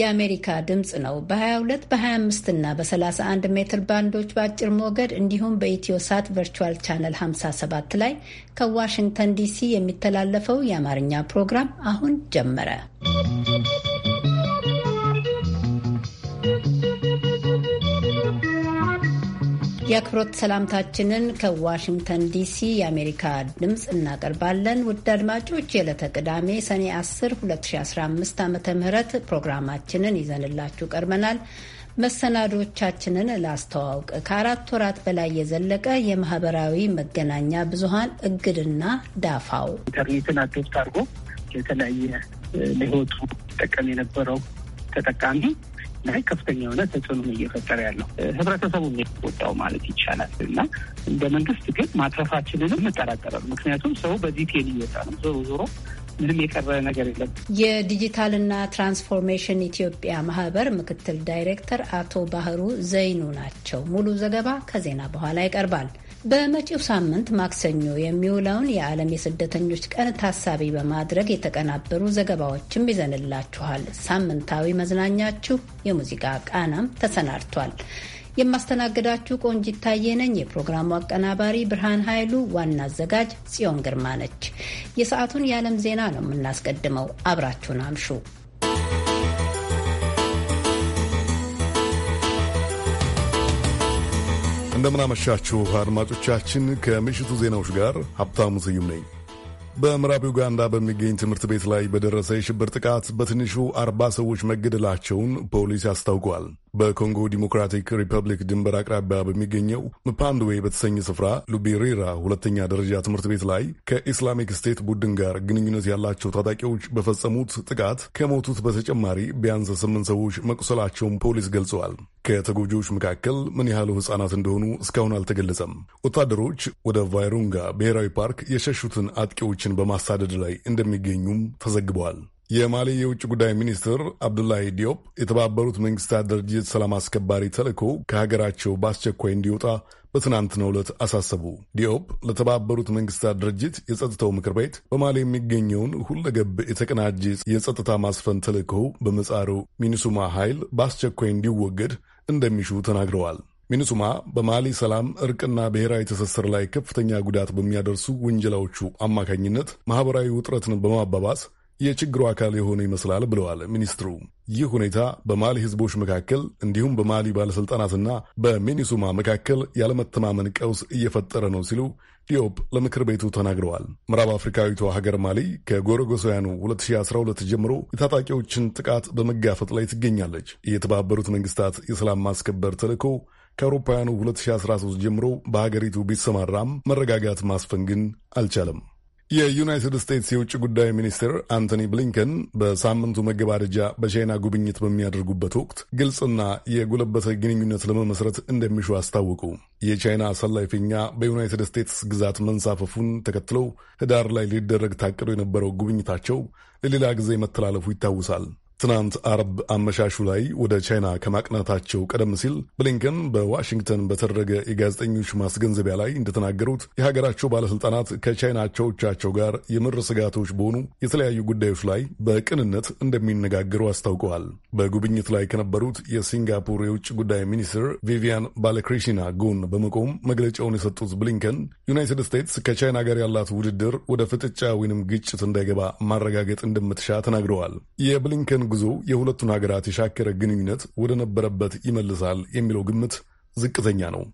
የአሜሪካ ድምፅ ነው። በ22 በ25 እና በ31 ሜትር ባንዶች በአጭር ሞገድ እንዲሁም በኢትዮ ሳት ቨርቹዋል ቻነል 57 ላይ ከዋሽንግተን ዲሲ የሚተላለፈው የአማርኛ ፕሮግራም አሁን ጀመረ። የአክብሮት ሰላምታችንን ከዋሽንግተን ዲሲ የአሜሪካ ድምፅ እናቀርባለን። ውድ አድማጮች የዕለተ ቅዳሜ ሰኔ 10 2015 ዓ ም ፕሮግራማችንን ይዘንላችሁ ቀርበናል። መሰናዶቻችንን ላስተዋውቅ። ከአራት ወራት በላይ የዘለቀ የማህበራዊ መገናኛ ብዙሀን እግድና ዳፋው ኢንተርኔትን አዶፕት አድርጎ የተለያየ ለህይወቱ ጠቀም የነበረው ተጠቃሚ ላይ ከፍተኛ የሆነ ተጽዕኖ እየፈጠረ ያለው ህብረተሰቡ የሚወጣው ማለት ይቻላል እና እንደ መንግስት ግን ማትረፋችንንም እንጠራጠራል። ምክንያቱም ሰው በዚህ ቴል እየወጣ ነው። ዞሮ ዞሮ ምንም የቀረ ነገር የለም። የዲጂታልና ትራንስፎርሜሽን ኢትዮጵያ ማህበር ምክትል ዳይሬክተር አቶ ባህሩ ዘይኑ ናቸው። ሙሉ ዘገባ ከዜና በኋላ ይቀርባል። በመጪው ሳምንት ማክሰኞ የሚውለውን የዓለም የስደተኞች ቀን ታሳቢ በማድረግ የተቀናበሩ ዘገባዎችም ይዘንላችኋል። ሳምንታዊ መዝናኛችሁ የሙዚቃ ቃናም ተሰናድቷል። የማስተናግዳችሁ ቆንጅ ታዬ ነኝ። የፕሮግራሙ አቀናባሪ ብርሃን ኃይሉ፣ ዋና አዘጋጅ ጽዮን ግርማ ነች። የሰዓቱን የዓለም ዜና ነው የምናስቀድመው። አብራችሁን አምሹ። እንደምናመሻችሁ አድማጮቻችን፣ ከምሽቱ ዜናዎች ጋር ሀብታሙ ስዩም ነኝ። በምዕራብ ዩጋንዳ በሚገኝ ትምህርት ቤት ላይ በደረሰ የሽብር ጥቃት በትንሹ አርባ ሰዎች መገደላቸውን ፖሊስ አስታውቋል። በኮንጎ ዲሞክራቲክ ሪፐብሊክ ድንበር አቅራቢያ በሚገኘው ምፓንድዌ በተሰኘ ስፍራ ሉቤሬራ ሁለተኛ ደረጃ ትምህርት ቤት ላይ ከኢስላሚክ ስቴት ቡድን ጋር ግንኙነት ያላቸው ታጣቂዎች በፈጸሙት ጥቃት ከሞቱት በተጨማሪ ቢያንስ ስምንት ሰዎች መቁሰላቸውን ፖሊስ ገልጸዋል። ከተጎጂዎች መካከል ምን ያህሉ ሕጻናት እንደሆኑ እስካሁን አልተገለጸም። ወታደሮች ወደ ቫይሩንጋ ብሔራዊ ፓርክ የሸሹትን አጥቂዎችን በማሳደድ ላይ እንደሚገኙም ተዘግበዋል። የማሊ የውጭ ጉዳይ ሚኒስትር አብዱላሂ ዲዮፕ የተባበሩት መንግስታት ድርጅት ሰላም አስከባሪ ተልእኮ ከሀገራቸው በአስቸኳይ እንዲወጣ በትናንትናው ዕለት አሳሰቡ። ዲዮፕ ለተባበሩት መንግስታት ድርጅት የጸጥታው ምክር ቤት በማሊ የሚገኘውን ሁለገብ የተቀናጀ የጸጥታ ማስፈን ተልእኮው በመጻሩ ሚኒሱማ ኃይል በአስቸኳይ እንዲወገድ እንደሚሹ ተናግረዋል። ሚኒሱማ በማሊ ሰላም እርቅና ብሔራዊ ትስስር ላይ ከፍተኛ ጉዳት በሚያደርሱ ውንጀላዎቹ አማካኝነት ማኅበራዊ ውጥረትን በማባባስ የችግሩ አካል የሆነ ይመስላል ብለዋል ሚኒስትሩ። ይህ ሁኔታ በማሊ ህዝቦች መካከል እንዲሁም በማሊ ባለሥልጣናትና በሚኒሱማ መካከል ያለመተማመን ቀውስ እየፈጠረ ነው ሲሉ ዲዮፕ ለምክር ቤቱ ተናግረዋል። ምዕራብ አፍሪካዊቷ ሀገር ማሊ ከጎረጎሳውያኑ 2012 ጀምሮ የታጣቂዎችን ጥቃት በመጋፈጥ ላይ ትገኛለች። የተባበሩት መንግስታት የሰላም ማስከበር ተልዕኮ ከአውሮፓውያኑ 2013 ጀምሮ በሀገሪቱ ቢሰማራም መረጋጋት ማስፈን ግን አልቻለም። የዩናይትድ ስቴትስ የውጭ ጉዳይ ሚኒስትር አንቶኒ ብሊንከን በሳምንቱ መገባደጃ በቻይና ጉብኝት በሚያደርጉበት ወቅት ግልጽና የጎለበተ ግንኙነት ለመመስረት እንደሚሹ አስታወቁ። የቻይና አሰላይ ፊኛ በዩናይትድ ስቴትስ ግዛት መንሳፈፉን ተከትለው ህዳር ላይ ሊደረግ ታቅዶ የነበረው ጉብኝታቸው ለሌላ ጊዜ መተላለፉ ይታወሳል። ትናንት አርብ አመሻሹ ላይ ወደ ቻይና ከማቅናታቸው ቀደም ሲል ብሊንከን በዋሽንግተን በተደረገ የጋዜጠኞች ማስገንዘቢያ ላይ እንደተናገሩት የሀገራቸው ባለስልጣናት ከቻይና አቻዎቻቸው ጋር የምር ስጋቶች በሆኑ የተለያዩ ጉዳዮች ላይ በቅንነት እንደሚነጋገሩ አስታውቀዋል። በጉብኝት ላይ ከነበሩት የሲንጋፖር የውጭ ጉዳይ ሚኒስትር ቪቪያን ባለክሪሽና ጎን በመቆም መግለጫውን የሰጡት ብሊንከን ዩናይትድ ስቴትስ ከቻይና ጋር ያላት ውድድር ወደ ፍጥጫ ወይንም ግጭት እንዳይገባ ማረጋገጥ እንደምትሻ ተናግረዋል። የብሊንከን ጉዞ የሁለቱን ሀገራት የሻከረ ግንኙነት ወደ ነበረበት ይመልሳል የሚለው ግምት ዝቅተኛ ነው።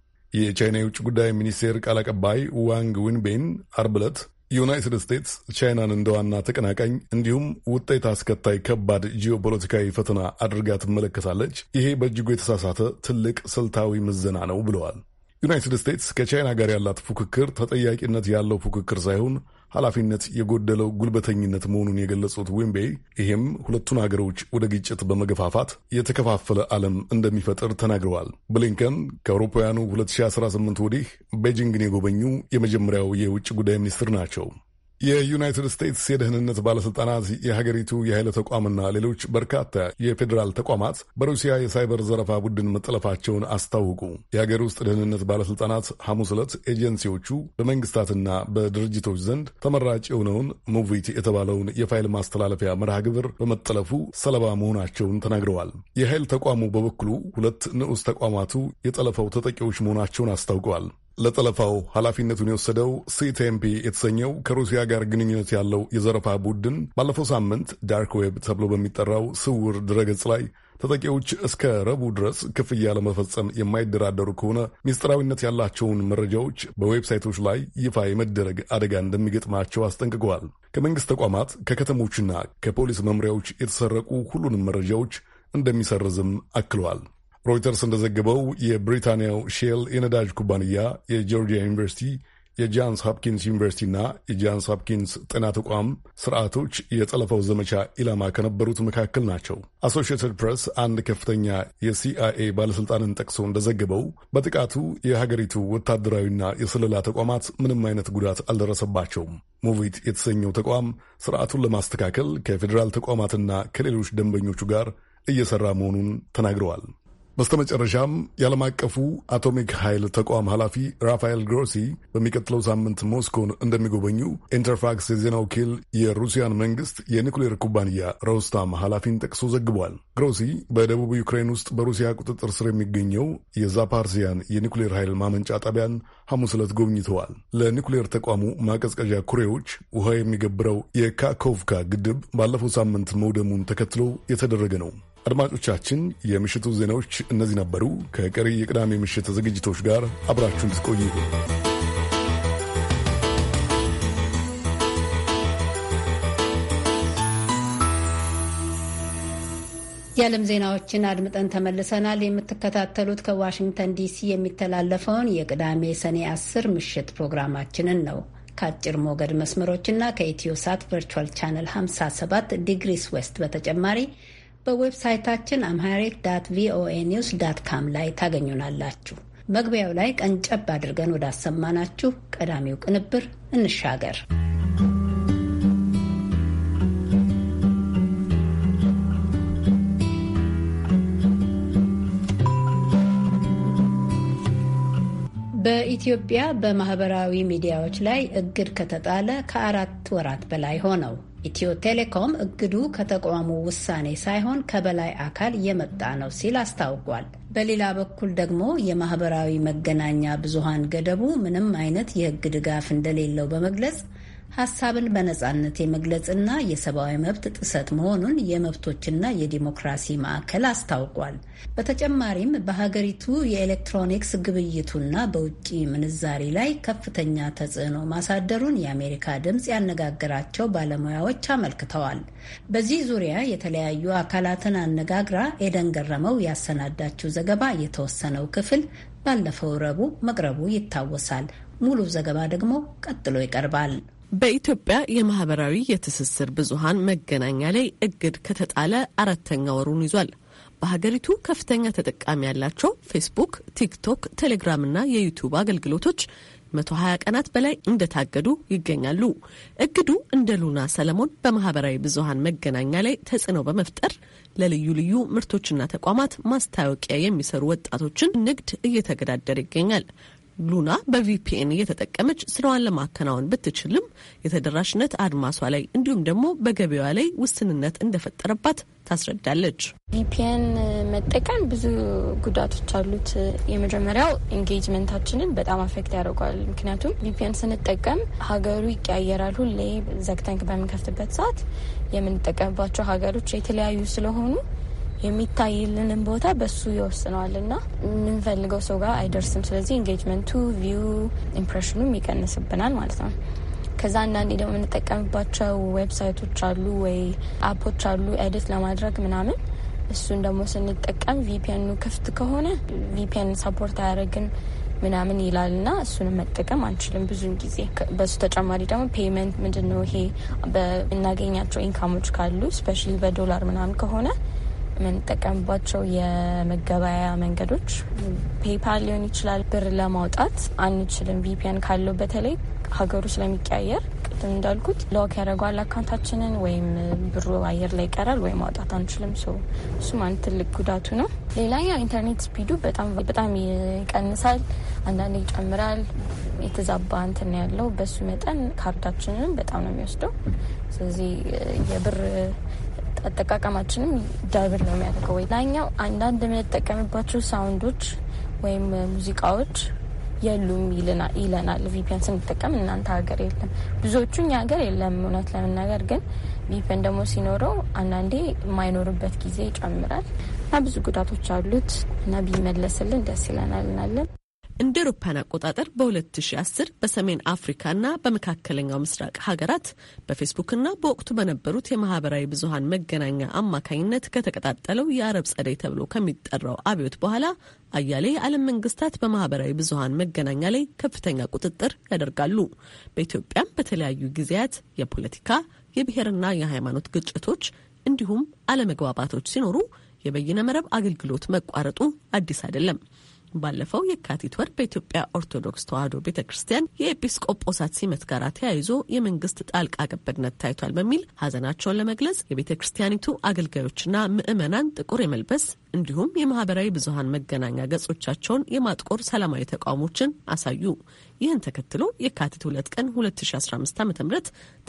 የቻይና የውጭ ጉዳይ ሚኒስቴር ቃል አቀባይ ዋንግ ዊንቤን አርብ ዕለት ዩናይትድ ስቴትስ ቻይናን እንደ ዋና ተቀናቃኝ እንዲሁም ውጤት አስከታይ ከባድ ጂኦፖለቲካዊ ፈተና አድርጋ ትመለከታለች። ይሄ በእጅጉ የተሳሳተ ትልቅ ስልታዊ ምዘና ነው ብለዋል። ዩናይትድ ስቴትስ ከቻይና ጋር ያላት ፉክክር ተጠያቂነት ያለው ፉክክር ሳይሆን ኃላፊነት የጎደለው ጉልበተኝነት መሆኑን የገለጹት ዊምቤይ ይህም ሁለቱን አገሮች ወደ ግጭት በመገፋፋት የተከፋፈለ ዓለም እንደሚፈጥር ተናግረዋል። ብሊንከን ከአውሮፓውያኑ 2018 ወዲህ ቤጂንግን የጎበኙ የመጀመሪያው የውጭ ጉዳይ ሚኒስትር ናቸው። የዩናይትድ ስቴትስ የደህንነት ባለስልጣናት የሀገሪቱ የኃይለ ተቋምና ሌሎች በርካታ የፌዴራል ተቋማት በሩሲያ የሳይበር ዘረፋ ቡድን መጠለፋቸውን አስታውቁ። የሀገር ውስጥ ደህንነት ባለስልጣናት ሐሙስ ዕለት ኤጀንሲዎቹ በመንግስታትና በድርጅቶች ዘንድ ተመራጭ የሆነውን ሙቪት የተባለውን የፋይል ማስተላለፊያ መርሃ ግብር በመጠለፉ ሰለባ መሆናቸውን ተናግረዋል። የኃይል ተቋሙ በበኩሉ ሁለት ንዑስ ተቋማቱ የጠለፈው ተጠቂዎች መሆናቸውን አስታውቀዋል። ለጠለፋው ኃላፊነቱን የወሰደው ሲቴምፒ የተሰኘው ከሩሲያ ጋር ግንኙነት ያለው የዘረፋ ቡድን ባለፈው ሳምንት ዳርክ ዌብ ተብሎ በሚጠራው ስውር ድረገጽ ላይ ተጠቂዎች እስከ ረቡዕ ድረስ ክፍያ ለመፈጸም የማይደራደሩ ከሆነ ምስጢራዊነት ያላቸውን መረጃዎች በዌብሳይቶች ላይ ይፋ የመደረግ አደጋ እንደሚገጥማቸው አስጠንቅቀዋል። ከመንግሥት ተቋማት ከከተሞችና ከፖሊስ መምሪያዎች የተሰረቁ ሁሉንም መረጃዎች እንደሚሰርዝም አክለዋል። ሮይተርስ እንደዘገበው የብሪታንያው ሼል የነዳጅ ኩባንያ የጆርጂያ ዩኒቨርሲቲ የጃንስ ሀፕኪንስ ዩኒቨርሲቲና የጃንስ ሀፕኪንስ ጤና ተቋም ስርዓቶች የጠለፈው ዘመቻ ኢላማ ከነበሩት መካከል ናቸው። አሶሽትድ ፕሬስ አንድ ከፍተኛ የሲአይኤ ባለሥልጣንን ጠቅሶ እንደዘገበው በጥቃቱ የሀገሪቱ ወታደራዊና የስለላ ተቋማት ምንም አይነት ጉዳት አልደረሰባቸውም። ሙቪት የተሰኘው ተቋም ስርዓቱን ለማስተካከል ከፌዴራል ተቋማትና ከሌሎች ደንበኞቹ ጋር እየሰራ መሆኑን ተናግረዋል። በስተመጨረሻም የዓለም አቀፉ አቶሚክ ኃይል ተቋም ኃላፊ ራፋኤል ግሮሲ በሚቀጥለው ሳምንት ሞስኮን እንደሚጎበኙ ኢንተርፋክስ የዜና ወኪል የሩሲያን መንግስት የኒኩሌር ኩባንያ ሮስታም ኃላፊን ጠቅሶ ዘግቧል። ግሮሲ በደቡብ ዩክሬን ውስጥ በሩሲያ ቁጥጥር ስር የሚገኘው የዛፓርሲያን የኒኩሌር ኃይል ማመንጫ ጣቢያን ሐሙስ ዕለት ጎብኝተዋል። ለኒኩሌር ተቋሙ ማቀዝቀዣ ኩሬዎች ውሃ የሚገብረው የካኮቭካ ግድብ ባለፈው ሳምንት መውደሙን ተከትሎ የተደረገ ነው። አድማጮቻችን፣ የምሽቱ ዜናዎች እነዚህ ነበሩ። ከቀሪ የቅዳሜ ምሽት ዝግጅቶች ጋር አብራችሁን ትቆዩ። የዓለም ዜናዎችን አድምጠን ተመልሰናል። የምትከታተሉት ከዋሽንግተን ዲሲ የሚተላለፈውን የቅዳሜ ሰኔ አስር ምሽት ፕሮግራማችንን ነው። ከአጭር ሞገድ መስመሮችና ከኢትዮ ሳት ቨርቹዋል ቻነል 57 ዲግሪስ ዌስት በተጨማሪ በዌብሳይታችን አምሃሪክ ዳት ቪኦኤ ኒውስ ዳት ካም ላይ ታገኙናላችሁ። መግቢያው ላይ ቀንጨብ አድርገን ወዳሰማናችሁ ቀዳሚው ቅንብር እንሻገር። በኢትዮጵያ በማህበራዊ ሚዲያዎች ላይ እግድ ከተጣለ ከአራት ወራት በላይ ሆነው ኢትዮ ቴሌኮም እግዱ ከተቋሙ ውሳኔ ሳይሆን ከበላይ አካል የመጣ ነው ሲል አስታውቋል። በሌላ በኩል ደግሞ የማህበራዊ መገናኛ ብዙሃን ገደቡ ምንም አይነት የህግ ድጋፍ እንደሌለው በመግለጽ ሀሳብን በነጻነት የመግለጽና የሰብአዊ መብት ጥሰት መሆኑን የመብቶችና የዲሞክራሲ ማዕከል አስታውቋል። በተጨማሪም በሀገሪቱ የኤሌክትሮኒክስ ግብይቱና በውጭ ምንዛሪ ላይ ከፍተኛ ተጽዕኖ ማሳደሩን የአሜሪካ ድምፅ ያነጋገራቸው ባለሙያዎች አመልክተዋል። በዚህ ዙሪያ የተለያዩ አካላትን አነጋግራ ኤደን ገረመው ያሰናዳችው ዘገባ የተወሰነው ክፍል ባለፈው ረቡዕ መቅረቡ ይታወሳል። ሙሉ ዘገባ ደግሞ ቀጥሎ ይቀርባል። በኢትዮጵያ የማህበራዊ የትስስር ብዙሀን መገናኛ ላይ እግድ ከተጣለ አራተኛ ወሩን ይዟል። በሀገሪቱ ከፍተኛ ተጠቃሚ ያላቸው ፌስቡክ፣ ቲክቶክ፣ ቴሌግራም እና የዩቱብ አገልግሎቶች 120 ቀናት በላይ እንደታገዱ ይገኛሉ። እግዱ እንደ ሉና ሰለሞን በማህበራዊ ብዙሀን መገናኛ ላይ ተጽዕኖ በመፍጠር ለልዩ ልዩ ምርቶችና ተቋማት ማስታወቂያ የሚሰሩ ወጣቶችን ንግድ እየተገዳደረ ይገኛል። ሉና በቪፒኤን እየተጠቀመች ስራዋን ለማከናወን ብትችልም የተደራሽነት አድማሷ ላይ እንዲሁም ደግሞ በገበያዋ ላይ ውስንነት እንደፈጠረባት ታስረዳለች። ቪፒኤን መጠቀም ብዙ ጉዳቶች አሉት። የመጀመሪያው ኤንጌጅመንታችንን በጣም አፌክት ያደርጓል። ምክንያቱም ቪፒኤን ስንጠቀም ሀገሩ ይቀያየራል። ሁሌ ዘግተንክ በምንከፍትበት ሰዓት የምንጠቀምባቸው ሀገሮች የተለያዩ ስለሆኑ የሚታይልንን ቦታ በሱ ይወስነዋል እና የምንፈልገው ሰው ጋር አይደርስም። ስለዚህ ኢንጌጅመንቱ፣ ቪው፣ ኢምፕሬሽኑም ይቀንስብናል ማለት ነው። ከዛ አንዳንዴ ደግሞ የምንጠቀምባቸው ዌብሳይቶች አሉ ወይ አፖች አሉ ኤዲት ለማድረግ ምናምን እሱን ደግሞ ስንጠቀም ቪፒኑ ክፍት ከሆነ ቪፒን ሰፖርት አያደርግም ምናምን ይላል እና እሱንም መጠቀም አንችልም ብዙን ጊዜ። በሱ ተጨማሪ ደግሞ ፔመንት ምንድን ነው ይሄ በምናገኛቸው ኢንካሞች ካሉ ስፔሻሊ በዶላር ምናምን ከሆነ የምንጠቀምባቸው የመገበያያ መንገዶች ፔፓል ሊሆን ይችላል። ብር ለማውጣት አንችልም። ቪፒን ካለው በተለይ ሀገሩ ስለሚቀያየር ቅድም እንዳልኩት ሎክ ያደረጓል አካውንታችንን ወይም ብሩ አየር ላይ ይቀራል ወይም ማውጣት አንችልም። ሰው እሱም አንድ ትልቅ ጉዳቱ ነው። ሌላኛው ኢንተርኔት ስፒዱ በጣም ይቀንሳል፣ አንዳንዴ ይጨምራል። የተዛባ እንትን ያለው በሱ መጠን ካርዳችንን በጣም ነው የሚወስደው። ስለዚህ የብር አጠቃቀማችንም ጃብር ነው የሚያደርገው። ላኛው አንዳንድ የምንጠቀምባቸው ሳውንዶች ወይም ሙዚቃዎች የሉም ይለናል። ቪፒን ስንጠቀም እናንተ ሀገር የለም ብዙዎቹ እኛ ሀገር የለም። እውነት ለመናገር ግን ቪፒን ደግሞ ሲኖረው አንዳንዴ የማይኖርበት ጊዜ ይጨምራል እና ብዙ ጉዳቶች አሉት እና ቢመለስልን ደስ ይለናል እናለን እንደ ኤሮፓን አቆጣጠር በ2010 በሰሜን አፍሪካና በመካከለኛው ምስራቅ ሀገራት በፌስቡክና በወቅቱ በነበሩት የማህበራዊ ብዙሀን መገናኛ አማካኝነት ከተቀጣጠለው የአረብ ጸደይ ተብሎ ከሚጠራው አብዮት በኋላ አያሌ የዓለም መንግስታት በማህበራዊ ብዙሀን መገናኛ ላይ ከፍተኛ ቁጥጥር ያደርጋሉ። በኢትዮጵያም በተለያዩ ጊዜያት የፖለቲካ የብሔርና የሃይማኖት ግጭቶች እንዲሁም አለመግባባቶች ሲኖሩ የበይነ መረብ አገልግሎት መቋረጡ አዲስ አይደለም። ባለፈው የካቲት ወር በኢትዮጵያ ኦርቶዶክስ ተዋሕዶ ቤተ ክርስቲያን የኤጲስቆጶሳት ሲመት ጋር ተያይዞ የመንግስት ጣልቃ ገብነት ታይቷል በሚል ሀዘናቸውን ለመግለጽ የቤተ ክርስቲያኒቱ አገልጋዮችና ምዕመናን ጥቁር የመልበስ እንዲሁም የማህበራዊ ብዙሀን መገናኛ ገጾቻቸውን የማጥቆር ሰላማዊ ተቃውሞችን አሳዩ። ይህን ተከትሎ የካቲት ሁለት ቀን 2015 ዓ ም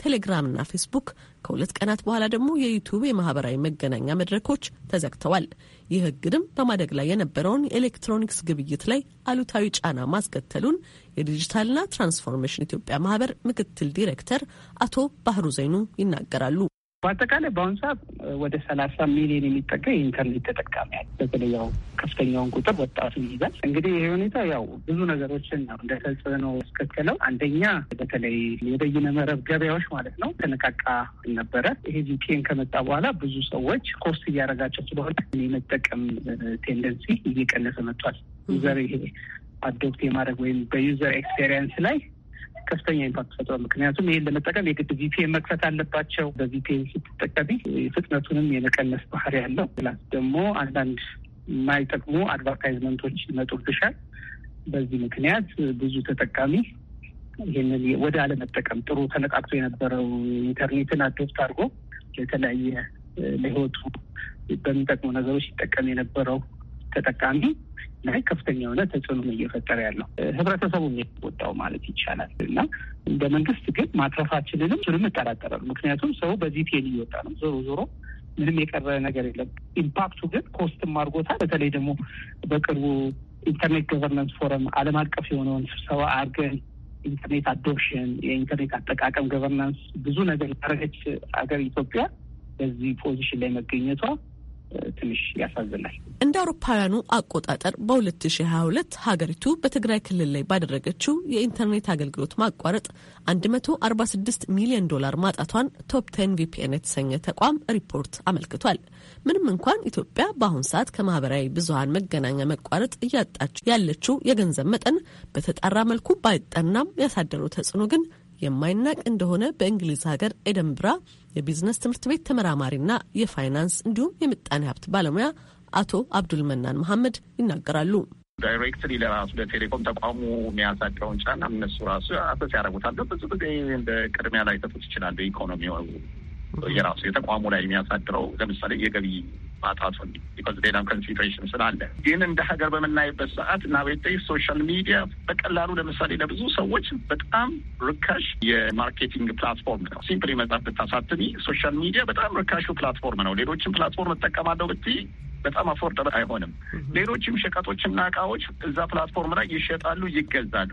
ቴሌግራምና ፌስቡክ ከሁለት ቀናት በኋላ ደግሞ የዩቱብ የማህበራዊ መገናኛ መድረኮች ተዘግተዋል። ይህ እግድም በማደግ ላይ የነበረውን የኤሌክትሮኒክስ ግብይት ላይ አሉታዊ ጫና ማስከተሉን የዲጂታልና ትራንስፎርሜሽን ኢትዮጵያ ማህበር ምክትል ዲሬክተር አቶ ባህሩ ዘይኑ ይናገራሉ። በአጠቃላይ በአሁኑ ሰዓት ወደ ሰላሳ ሚሊዮን የሚጠጋ የኢንተርኔት ተጠቃሚ ያለ በተለይ ያው ከፍተኛውን ቁጥር ወጣቱ ይይዛል። እንግዲህ ይሄ ሁኔታ ያው ብዙ ነገሮችን ነው እንደ ተጽዕኖ ያስከተለው። አንደኛ በተለይ የበይነ መረብ ገበያዎች ማለት ነው ተነቃቃ ነበረ። ይሄ ቪፒኤን ከመጣ በኋላ ብዙ ሰዎች ኮስት እያደረጋቸው ስለሆነ የመጠቀም ቴንደንሲ እየቀነሰ መጥቷል። ዩዘር ይሄ አዶፕት የማድረግ ወይም በዩዘር ኤክስፔሪየንስ ላይ ከፍተኛ ኢምፓክት ፈጥሯል። ምክንያቱም ይህን ለመጠቀም የግድ ቪፒኤን መክፈት አለባቸው። በቪፒኤን ስትጠቀሚ ፍጥነቱንም የመቀነስ ባህሪ ያለው ፕላስ ደግሞ አንዳንድ የማይጠቅሙ አድቨርታይዝመንቶች ይመጡብሻል። በዚህ ምክንያት ብዙ ተጠቃሚ ይህንን ወደ አለመጠቀም ጥሩ ተነቃቅቶ የነበረው ኢንተርኔትን አዶፕት አድርጎ የተለያየ ለህይወቱ በሚጠቅሙ ነገሮች ሲጠቀም የነበረው ተጠቃሚ ላይ ከፍተኛ የሆነ ተጽዕኖ እየፈጠረ ያለው ህብረተሰቡ የሚወጣው ማለት ይቻላል እና እንደ መንግስት ግን ማትረፋችንንም ስንም እጠራጠራሉ። ምክንያቱም ሰው በዚህ ፔን እየወጣ ነው። ዞሮ ዞሮ ምንም የቀረ ነገር የለም። ኢምፓክቱ ግን ኮስትም አድርጎታል። በተለይ ደግሞ በቅርቡ ኢንተርኔት ገቨርነንስ ፎረም ዓለም አቀፍ የሆነውን ስብሰባ አድርገን ኢንተርኔት አዶፕሽን፣ የኢንተርኔት አጠቃቀም ገቨርናንስ ብዙ ነገር ያደረገች ሀገር ኢትዮጵያ በዚህ ፖዚሽን ላይ መገኘቷ ትንሽ ያሳዝናል። እንደ አውሮፓውያኑ አቆጣጠር በ2022 ሀገሪቱ በትግራይ ክልል ላይ ባደረገችው የኢንተርኔት አገልግሎት ማቋረጥ 146 ሚሊዮን ዶላር ማጣቷን ቶፕ ቴን ቪፒኤን የተሰኘ ተቋም ሪፖርት አመልክቷል። ምንም እንኳን ኢትዮጵያ በአሁን ሰዓት ከማህበራዊ ብዙሀን መገናኛ መቋረጥ እያጣች ያለችው የገንዘብ መጠን በተጣራ መልኩ ባይጠናም ያሳደረው ተጽዕኖ ግን የማይናቅ እንደሆነ በእንግሊዝ ሀገር ኤደንብራ የቢዝነስ ትምህርት ቤት ተመራማሪና የፋይናንስ እንዲሁም የምጣኔ ሀብት ባለሙያ አቶ አብዱል መናን መሐመድ ይናገራሉ። ዳይሬክትሊ ለራሱ ለቴሌኮም ተቋሙ የሚያሳድረውን ጫና እነሱ ራሱ አሰስ ያደረጉታል። ብዙ ጊዜ እንደ ቅድሚያ ላይ ተቶት ይችላሉ። ኢኮኖሚ የራሱ የተቋሙ ላይ የሚያሳድረው ለምሳሌ የገቢ ማጣቱን ቢኮዝ ሌላም ኮንሲደሬሽን ስላለ ግን እንደ ሀገር በምናይበት ሰዓት እና ቤተ ሶሻል ሚዲያ በቀላሉ ለምሳሌ ለብዙ ሰዎች በጣም ርካሽ የማርኬቲንግ ፕላትፎርም ነው። ሲምፕሊ መጽሐፍ ብታሳትሚ ሶሻል ሚዲያ በጣም ርካሹ ፕላትፎርም ነው። ሌሎችን ፕላትፎርም እጠቀማለሁ ብትይ በጣም አፎርደብል አይሆንም። ሌሎችም ሸቀጦችና እቃዎች እዛ ፕላትፎርም ላይ ይሸጣሉ፣ ይገዛሉ።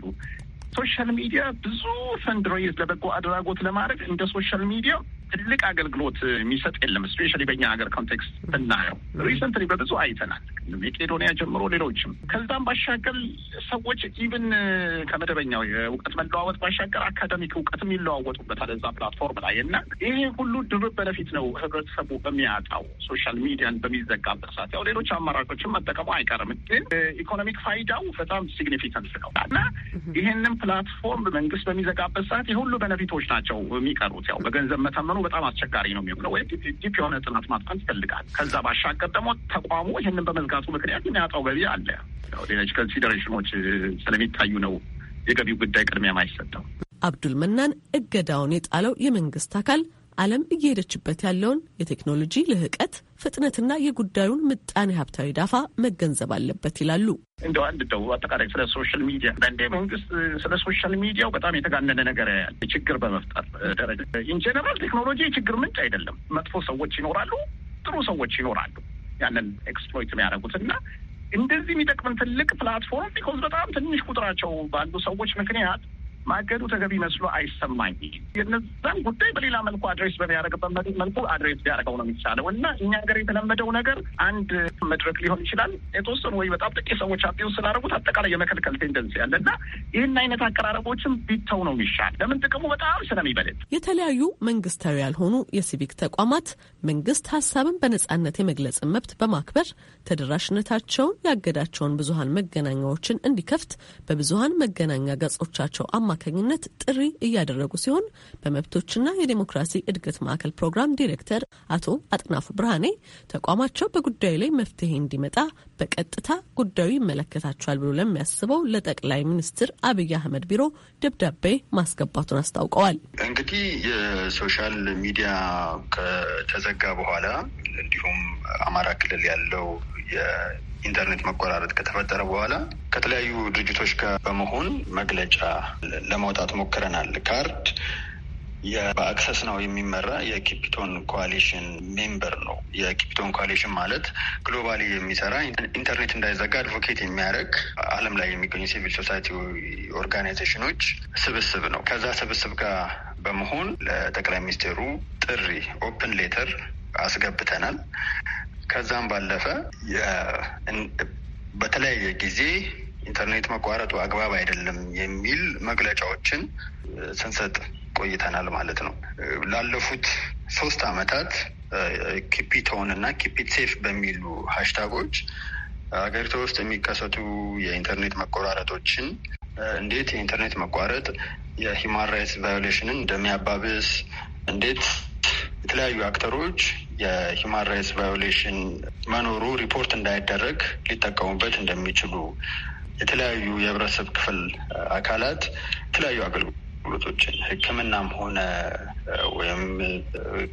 ሶሻል ሚዲያ ብዙ ፈንድሬዝ ለበጎ አድራጎት ለማድረግ እንደ ሶሻል ሚዲያ ትልቅ አገልግሎት የሚሰጥ የለም። ስፔሻሊ በእኛ ሀገር ኮንቴክስት ብናየው ሪሰንትሊ በብዙ አይተናል፣ መቄዶንያ ጀምሮ ሌሎችም። ከዛም ባሻገር ሰዎች ኢቭን ከመደበኛው የእውቀት መለዋወጥ ባሻገር አካደሚክ እውቀትም ይለዋወጡበታል እዛ ፕላትፎርም ላይ እና ይሄ ሁሉ ድርብ በለፊት ነው ህብረተሰቡ በሚያጣው ሶሻል ሚዲያን በሚዘጋበት ሰዓት። ያው ሌሎች አማራጮችን መጠቀሙ አይቀርም፣ ግን ኢኮኖሚክ ፋይዳው በጣም ሲግኒፊካንት ነው እና ይህንም ፕላትፎርም መንግስት በሚዘጋበት ሰዓት የሁሉ በነፊቶች ናቸው የሚቀሩት። ያው በገንዘብ መተመኑ በጣም አስቸጋሪ ነው የሚሆነው ወይም ዲፕ የሆነ ጥናት ማጥፋት ይፈልጋል። ከዛ ባሻገር ደግሞ ተቋሙ ይህንን በመዝጋቱ ምክንያት የሚያጣው ገቢ አለ። ሌሎች ኮንሲደሬሽኖች ስለሚታዩ ነው የገቢው ጉዳይ ቅድሚያ ማይሰጠው። አብዱል መናን እገዳውን የጣለው የመንግስት አካል ዓለም እየሄደችበት ያለውን የቴክኖሎጂ ልህቀት ፍጥነትና የጉዳዩን ምጣኔ ሀብታዊ ዳፋ መገንዘብ አለበት ይላሉ። እንደ አንድ ደው አጠቃላይ ስለ ሶሻል ሚዲያ በእንደ መንግስት ስለ ሶሻል ሚዲያው በጣም የተጋነነ ነገር ችግር በመፍጠር ደረጃ ኢንጀነራል ቴክኖሎጂ የችግር ምንጭ አይደለም። መጥፎ ሰዎች ይኖራሉ፣ ጥሩ ሰዎች ይኖራሉ። ያንን ኤክስፕሎይት የሚያደርጉት እና እንደዚህ የሚጠቅምን ትልቅ ፕላትፎርም ቢኮዝ በጣም ትንሽ ቁጥራቸው ባሉ ሰዎች ምክንያት ማገዱ ተገቢ መስሎ አይሰማኝም። የነዛን ጉዳይ በሌላ መልኩ አድሬስ በሚያደርግበት መልኩ አድሬስ ቢያደርገው ነው የሚቻለው እና እኛ ሀገር የተለመደው ነገር አንድ መድረክ ሊሆን ይችላል የተወሰኑ ወይ በጣም ጥቂት ሰዎች አቢው ስላደረጉት አጠቃላይ የመከልከል ቴንደንስ ያለ እና ይህን አይነት አቀራረቦችን ቢተው ነው የሚሻል። ለምን ጥቅሙ በጣም ስለሚበልጥ። የተለያዩ መንግስታዊ ያልሆኑ የሲቪክ ተቋማት መንግስት ሀሳብን በነጻነት የመግለጽን መብት በማክበር ተደራሽነታቸውን ያገዳቸውን ብዙሀን መገናኛዎችን እንዲከፍት በብዙሀን መገናኛ ገጾቻቸው አማ አማካኝነት ጥሪ እያደረጉ ሲሆን በመብቶችና የዴሞክራሲ እድገት ማዕከል ፕሮግራም ዲሬክተር አቶ አጥናፉ ብርሃኔ ተቋማቸው በጉዳዩ ላይ መፍትሄ እንዲመጣ በቀጥታ ጉዳዩ ይመለከታቸዋል ብሎ ለሚያስበው ለጠቅላይ ሚኒስትር አብይ አህመድ ቢሮ ደብዳቤ ማስገባቱን አስታውቀዋል። እንግዲህ የሶሻል ሚዲያ ከተዘጋ በኋላ እንዲሁም አማራ ክልል ያለው ኢንተርኔት መቆራረጥ ከተፈጠረ በኋላ ከተለያዩ ድርጅቶች ጋር በመሆን መግለጫ ለማውጣት ሞክረናል። ካርድ በአክሰስ ነው የሚመራ የኪፕቶን ኮሊሽን ሜምበር ነው። የኪፕቶን ኮሊሽን ማለት ግሎባሊ የሚሰራ ኢንተርኔት እንዳይዘጋ አድቮኬት የሚያደርግ ዓለም ላይ የሚገኙ ሲቪል ሶሳይቲ ኦርጋናይዜሽኖች ስብስብ ነው። ከዛ ስብስብ ጋር በመሆን ለጠቅላይ ሚኒስትሩ ጥሪ ኦፕን ሌተር አስገብተናል። ከዛም ባለፈ በተለያየ ጊዜ ኢንተርኔት መቋረጡ አግባብ አይደለም የሚል መግለጫዎችን ስንሰጥ ቆይተናል ማለት ነው። ላለፉት ሶስት አመታት ኪፒቶን እና ኪፒት ሴፍ በሚሉ ሀሽታጎች ሀገሪቱ ውስጥ የሚከሰቱ የኢንተርኔት መቆራረጦችን እንዴት የኢንተርኔት መቋረጥ የሂማን ራይትስ ቫዮሌሽንን እንደሚያባብስ እንዴት የተለያዩ አክተሮች የሂማን ራይትስ ቫዮሌሽን መኖሩ ሪፖርት እንዳይደረግ ሊጠቀሙበት እንደሚችሉ የተለያዩ የህብረተሰብ ክፍል አካላት የተለያዩ አገልግሎቶችን ሕክምናም ሆነ ወይም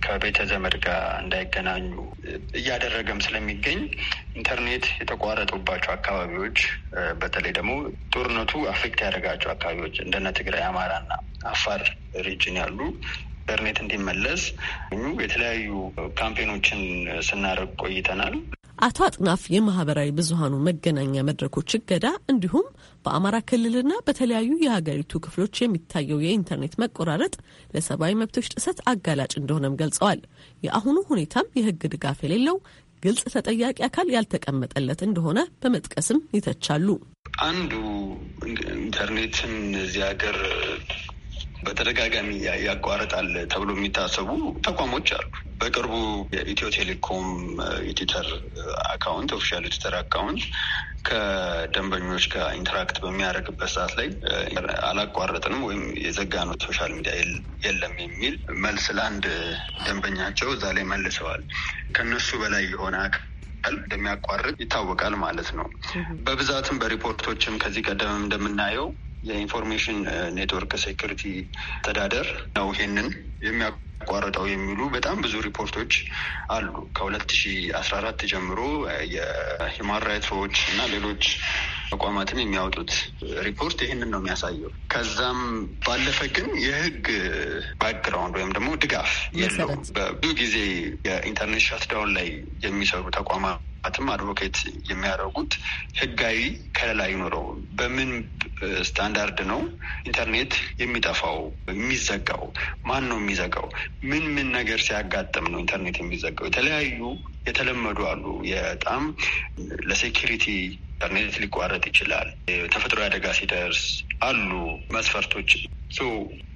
ከቤተ ዘመድ ጋር እንዳይገናኙ እያደረገም ስለሚገኝ ኢንተርኔት የተቋረጡባቸው አካባቢዎች በተለይ ደግሞ ጦርነቱ አፌክት ያደረጋቸው አካባቢዎች እንደነ ትግራይ፣ አማራና አፋር ሪጅን ያሉ ኢንተርኔት እንዲመለስ የተለያዩ ካምፔኖችን ስናደርግ ቆይተናል። አቶ አጥናፍ የማህበራዊ ብዙሀኑ መገናኛ መድረኮች እገዳ እንዲሁም በአማራ ክልልና በተለያዩ የሀገሪቱ ክፍሎች የሚታየው የኢንተርኔት መቆራረጥ ለሰብአዊ መብቶች ጥሰት አጋላጭ እንደሆነም ገልጸዋል። የአሁኑ ሁኔታም የህግ ድጋፍ የሌለው ግልጽ ተጠያቂ አካል ያልተቀመጠለት እንደሆነ በመጥቀስም ይተቻሉ። አንዱ ኢንተርኔትን እዚህ ሀገር በተደጋጋሚ ያቋርጣል ተብሎ የሚታሰቡ ተቋሞች አሉ። በቅርቡ የኢትዮ ቴሌኮም የትዊተር አካውንት ኦፊሻል የትዊተር አካውንት ከደንበኞች ጋር ኢንተራክት በሚያደርግበት ሰዓት ላይ አላቋረጥንም ወይም ነው ሶሻል ሚዲያ የለም የሚል መልስ ለአንድ ደንበኛቸው እዛ ላይ መልሰዋል። ከነሱ በላይ የሆነ አካል እንደሚያቋርጥ ይታወቃል ማለት ነው። በብዛትም በሪፖርቶችም ከዚህ ቀደም እንደምናየው የኢንፎርሜሽን ኔትወርክ ሴኩሪቲ አስተዳደር ነው ይሄንን የሚያቋርጠው የሚሉ በጣም ብዙ ሪፖርቶች አሉ። ከሁለት ሺ አስራ አራት ጀምሮ የሂውማን ራይትስ ዎች እና ሌሎች ተቋማትን የሚያወጡት ሪፖርት ይህንን ነው የሚያሳየው። ከዛም ባለፈ ግን የህግ ባክግራውንድ ወይም ደግሞ ድጋፍ የለውም። በብዙ ጊዜ የኢንተርኔት ሻትዳውን ላይ የሚሰሩ ተቋማት ማለትም አድቮኬት የሚያደርጉት ህጋዊ ከለላ ይኖረው። በምን ስታንዳርድ ነው ኢንተርኔት የሚጠፋው የሚዘጋው? ማን ነው የሚዘጋው? ምን ምን ነገር ሲያጋጥም ነው ኢንተርኔት የሚዘጋው? የተለያዩ የተለመዱ አሉ። በጣም ለሴኪሪቲ ኢንተርኔት ሊቋረጥ ይችላል። ተፈጥሮ አደጋ ሲደርስ አሉ መስፈርቶች።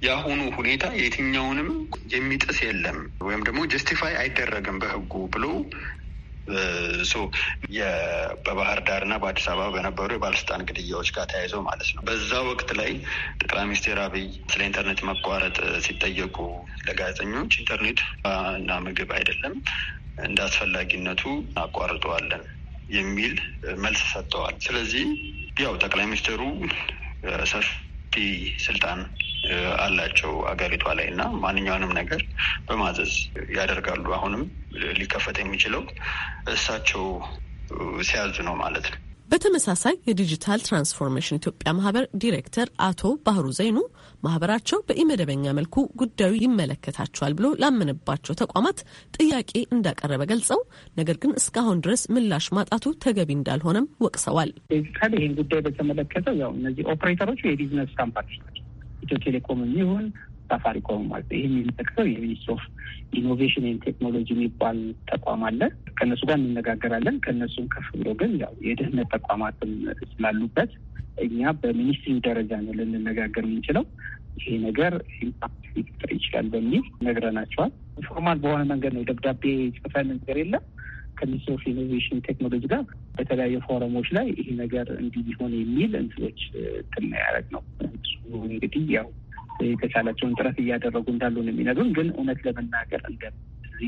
የአሁኑ ሁኔታ የትኛውንም የሚጥስ የለም ወይም ደግሞ ጀስቲፋይ አይደረግም በህጉ ብሎ በባህር ዳር እና በአዲስ አበባ በነበሩ የባለስልጣን ግድያዎች ጋር ተያይዘው ማለት ነው። በዛ ወቅት ላይ ጠቅላይ ሚኒስትር አብይ ስለ ኢንተርኔት መቋረጥ ሲጠየቁ ለጋዜጠኞች ኢንተርኔት እና ምግብ አይደለም እንደ አስፈላጊነቱ እናቋርጠዋለን የሚል መልስ ሰጥተዋል። ስለዚህ ያው ጠቅላይ ሚኒስትሩ ሰፊ ስልጣን አላቸው አገሪቷ ላይ እና ማንኛውንም ነገር በማዘዝ ያደርጋሉ። አሁንም ሊከፈት የሚችለው እሳቸው ሲያዙ ነው ማለት ነው። በተመሳሳይ የዲጂታል ትራንስፎርሜሽን ኢትዮጵያ ማህበር ዲሬክተር አቶ ባህሩ ዘይኑ ማህበራቸው በኢመደበኛ መልኩ ጉዳዩ ይመለከታቸዋል ብሎ ላመነባቸው ተቋማት ጥያቄ እንዳቀረበ ገልጸው፣ ነገር ግን እስካሁን ድረስ ምላሽ ማጣቱ ተገቢ እንዳልሆነም ወቅሰዋል። ቤዚካሊ ይህን ጉዳይ በተመለከተ ያው እነዚህ ኦፕሬተሮቹ የቢዝነስ ካምፓኒዎች ናቸው። ኢትዮ ቴሌኮም ይሁን ሳፋሪኮም ማለት ነው። ይህም የሚጠቅሰው የሚኒስትሪ ኦፍ ኢኖቬሽን ኤንድ ቴክኖሎጂ የሚባል ተቋም አለ። ከእነሱ ጋር እንነጋገራለን። ከእነሱም ከፍ ብሎ ግን ያው የደህንነት ተቋማትም ስላሉበት እኛ በሚኒስትሪ ደረጃ ነው ልንነጋገር የምንችለው። ይሄ ነገር ኢምፓክት ሊፈጥር ይችላል በሚል ነግረናቸዋል። ፎርማል በሆነ መንገድ ነው ደብዳቤ ጽፈን ነገር የለም ከሚኒስትር ኦፍ ኢኖቬሽን ቴክኖሎጂ ጋር በተለያዩ ፎረሞች ላይ ይሄ ነገር እንዲህ ሊሆን የሚል እንትኖች ትና ያደረግ ነው። እሱ እንግዲህ ያው የተቻላቸውን ጥረት እያደረጉ እንዳሉ ነው የሚነግሩን። ግን እውነት ለመናገር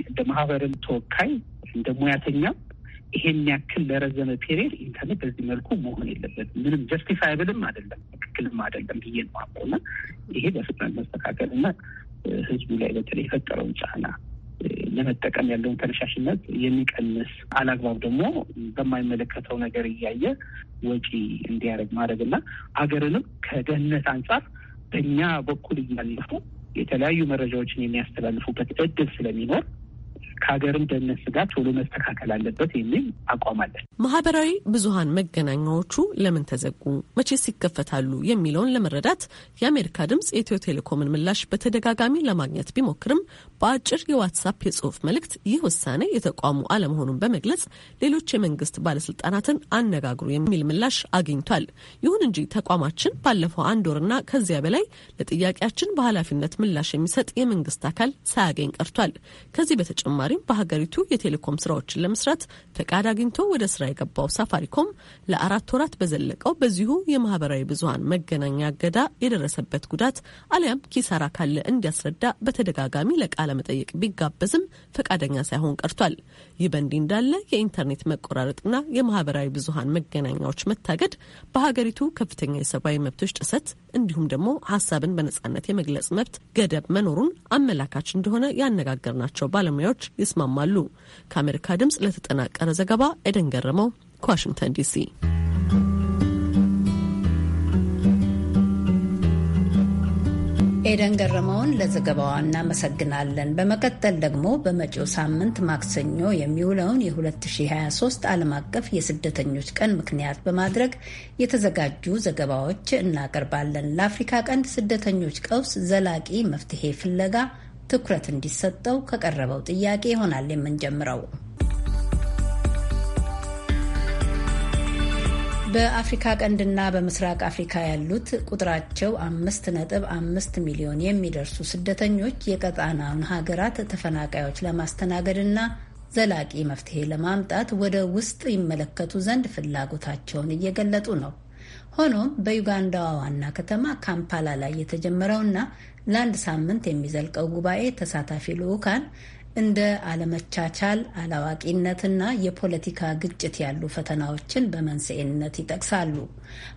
እንደ ማህበርም ተወካይ እንደ ሙያተኛ ይሄን ያክል ለረዘመ ፔሪየድ ኢንተርኔት በዚህ መልኩ መሆን የለበትም። ምንም ጀስቲፋይብልም አይደለም፣ ትክክልም አይደለም ብዬ ነው አቆመ። ይሄ በፍጥነት መስተካከል እና ህዝቡ ላይ በተለይ የፈጠረውን ጫና ለመጠቀም ያለውን ተነሻሽነት የሚቀንስ አላግባብ ደግሞ በማይመለከተው ነገር እያየ ወጪ እንዲያደርግ ማድረግ እና አገርንም ከደህንነት አንጻር በእኛ በኩል እያለፉ የተለያዩ መረጃዎችን የሚያስተላልፉበት እድል ስለሚኖር ከሀገርም ደህንነት ስጋት ቶሎ መስተካከል አለበት የሚል አቋም አለን። ማህበራዊ ብዙሀን መገናኛዎቹ ለምን ተዘጉ፣ መቼስ ይከፈታሉ የሚለውን ለመረዳት የአሜሪካ ድምጽ የኢትዮ ቴሌኮምን ምላሽ በተደጋጋሚ ለማግኘት ቢሞክርም በአጭር የዋትሳፕ የጽሁፍ መልእክት ይህ ውሳኔ የተቋሙ አለመሆኑን በመግለጽ ሌሎች የመንግስት ባለስልጣናትን አነጋግሩ የሚል ምላሽ አግኝቷል። ይሁን እንጂ ተቋማችን ባለፈው አንድ ወርና ከዚያ በላይ ለጥያቄያችን በኃላፊነት ምላሽ የሚሰጥ የመንግስት አካል ሳያገኝ ቀርቷል። ከዚህ በተጨማሪ በተጨማሪም በሀገሪቱ የቴሌኮም ስራዎችን ለመስራት ፈቃድ አግኝቶ ወደ ስራ የገባው ሳፋሪኮም ለአራት ወራት በዘለቀው በዚሁ የማህበራዊ ብዙሀን መገናኛ እገዳ የደረሰበት ጉዳት አሊያም ኪሳራ ካለ እንዲያስረዳ በተደጋጋሚ ለቃለ መጠየቅ ቢጋበዝም ፈቃደኛ ሳይሆን ቀርቷል። ይህ በእንዲህ እንዳለ የኢንተርኔት መቆራረጥና የማህበራዊ ብዙሀን መገናኛዎች መታገድ በሀገሪቱ ከፍተኛ የሰብአዊ መብቶች ጥሰት እንዲሁም ደግሞ ሀሳብን በነጻነት የመግለጽ መብት ገደብ መኖሩን አመላካች እንደሆነ ያነጋገርናቸው ባለሙያዎች ይስማማሉ። ከአሜሪካ ድምጽ ለተጠናቀረ ዘገባ ኤደን ገረመው ከዋሽንግተን ዲሲ ኤደን ገረመውን ለዘገባዋ እናመሰግናለን። በመቀጠል ደግሞ በመጪው ሳምንት ማክሰኞ የሚውለውን የ2023 ዓለም አቀፍ የስደተኞች ቀን ምክንያት በማድረግ የተዘጋጁ ዘገባዎች እናቀርባለን። ለአፍሪካ ቀንድ ስደተኞች ቀውስ ዘላቂ መፍትሄ ፍለጋ ትኩረት እንዲሰጠው ከቀረበው ጥያቄ ይሆናል የምንጀምረው። በአፍሪካ ቀንድና በምስራቅ አፍሪካ ያሉት ቁጥራቸው አምስት ነጥብ አምስት ሚሊዮን የሚደርሱ ስደተኞች የቀጣናውን ሀገራት ተፈናቃዮች ለማስተናገድና ዘላቂ መፍትሄ ለማምጣት ወደ ውስጥ ይመለከቱ ዘንድ ፍላጎታቸውን እየገለጡ ነው። ሆኖም በዩጋንዳዋ ዋና ከተማ ካምፓላ ላይ የተጀመረውና ለአንድ ሳምንት የሚዘልቀው ጉባኤ ተሳታፊ ልዑካን እንደ አለመቻቻል፣ አላዋቂነትና የፖለቲካ ግጭት ያሉ ፈተናዎችን በመንስኤነት ይጠቅሳሉ።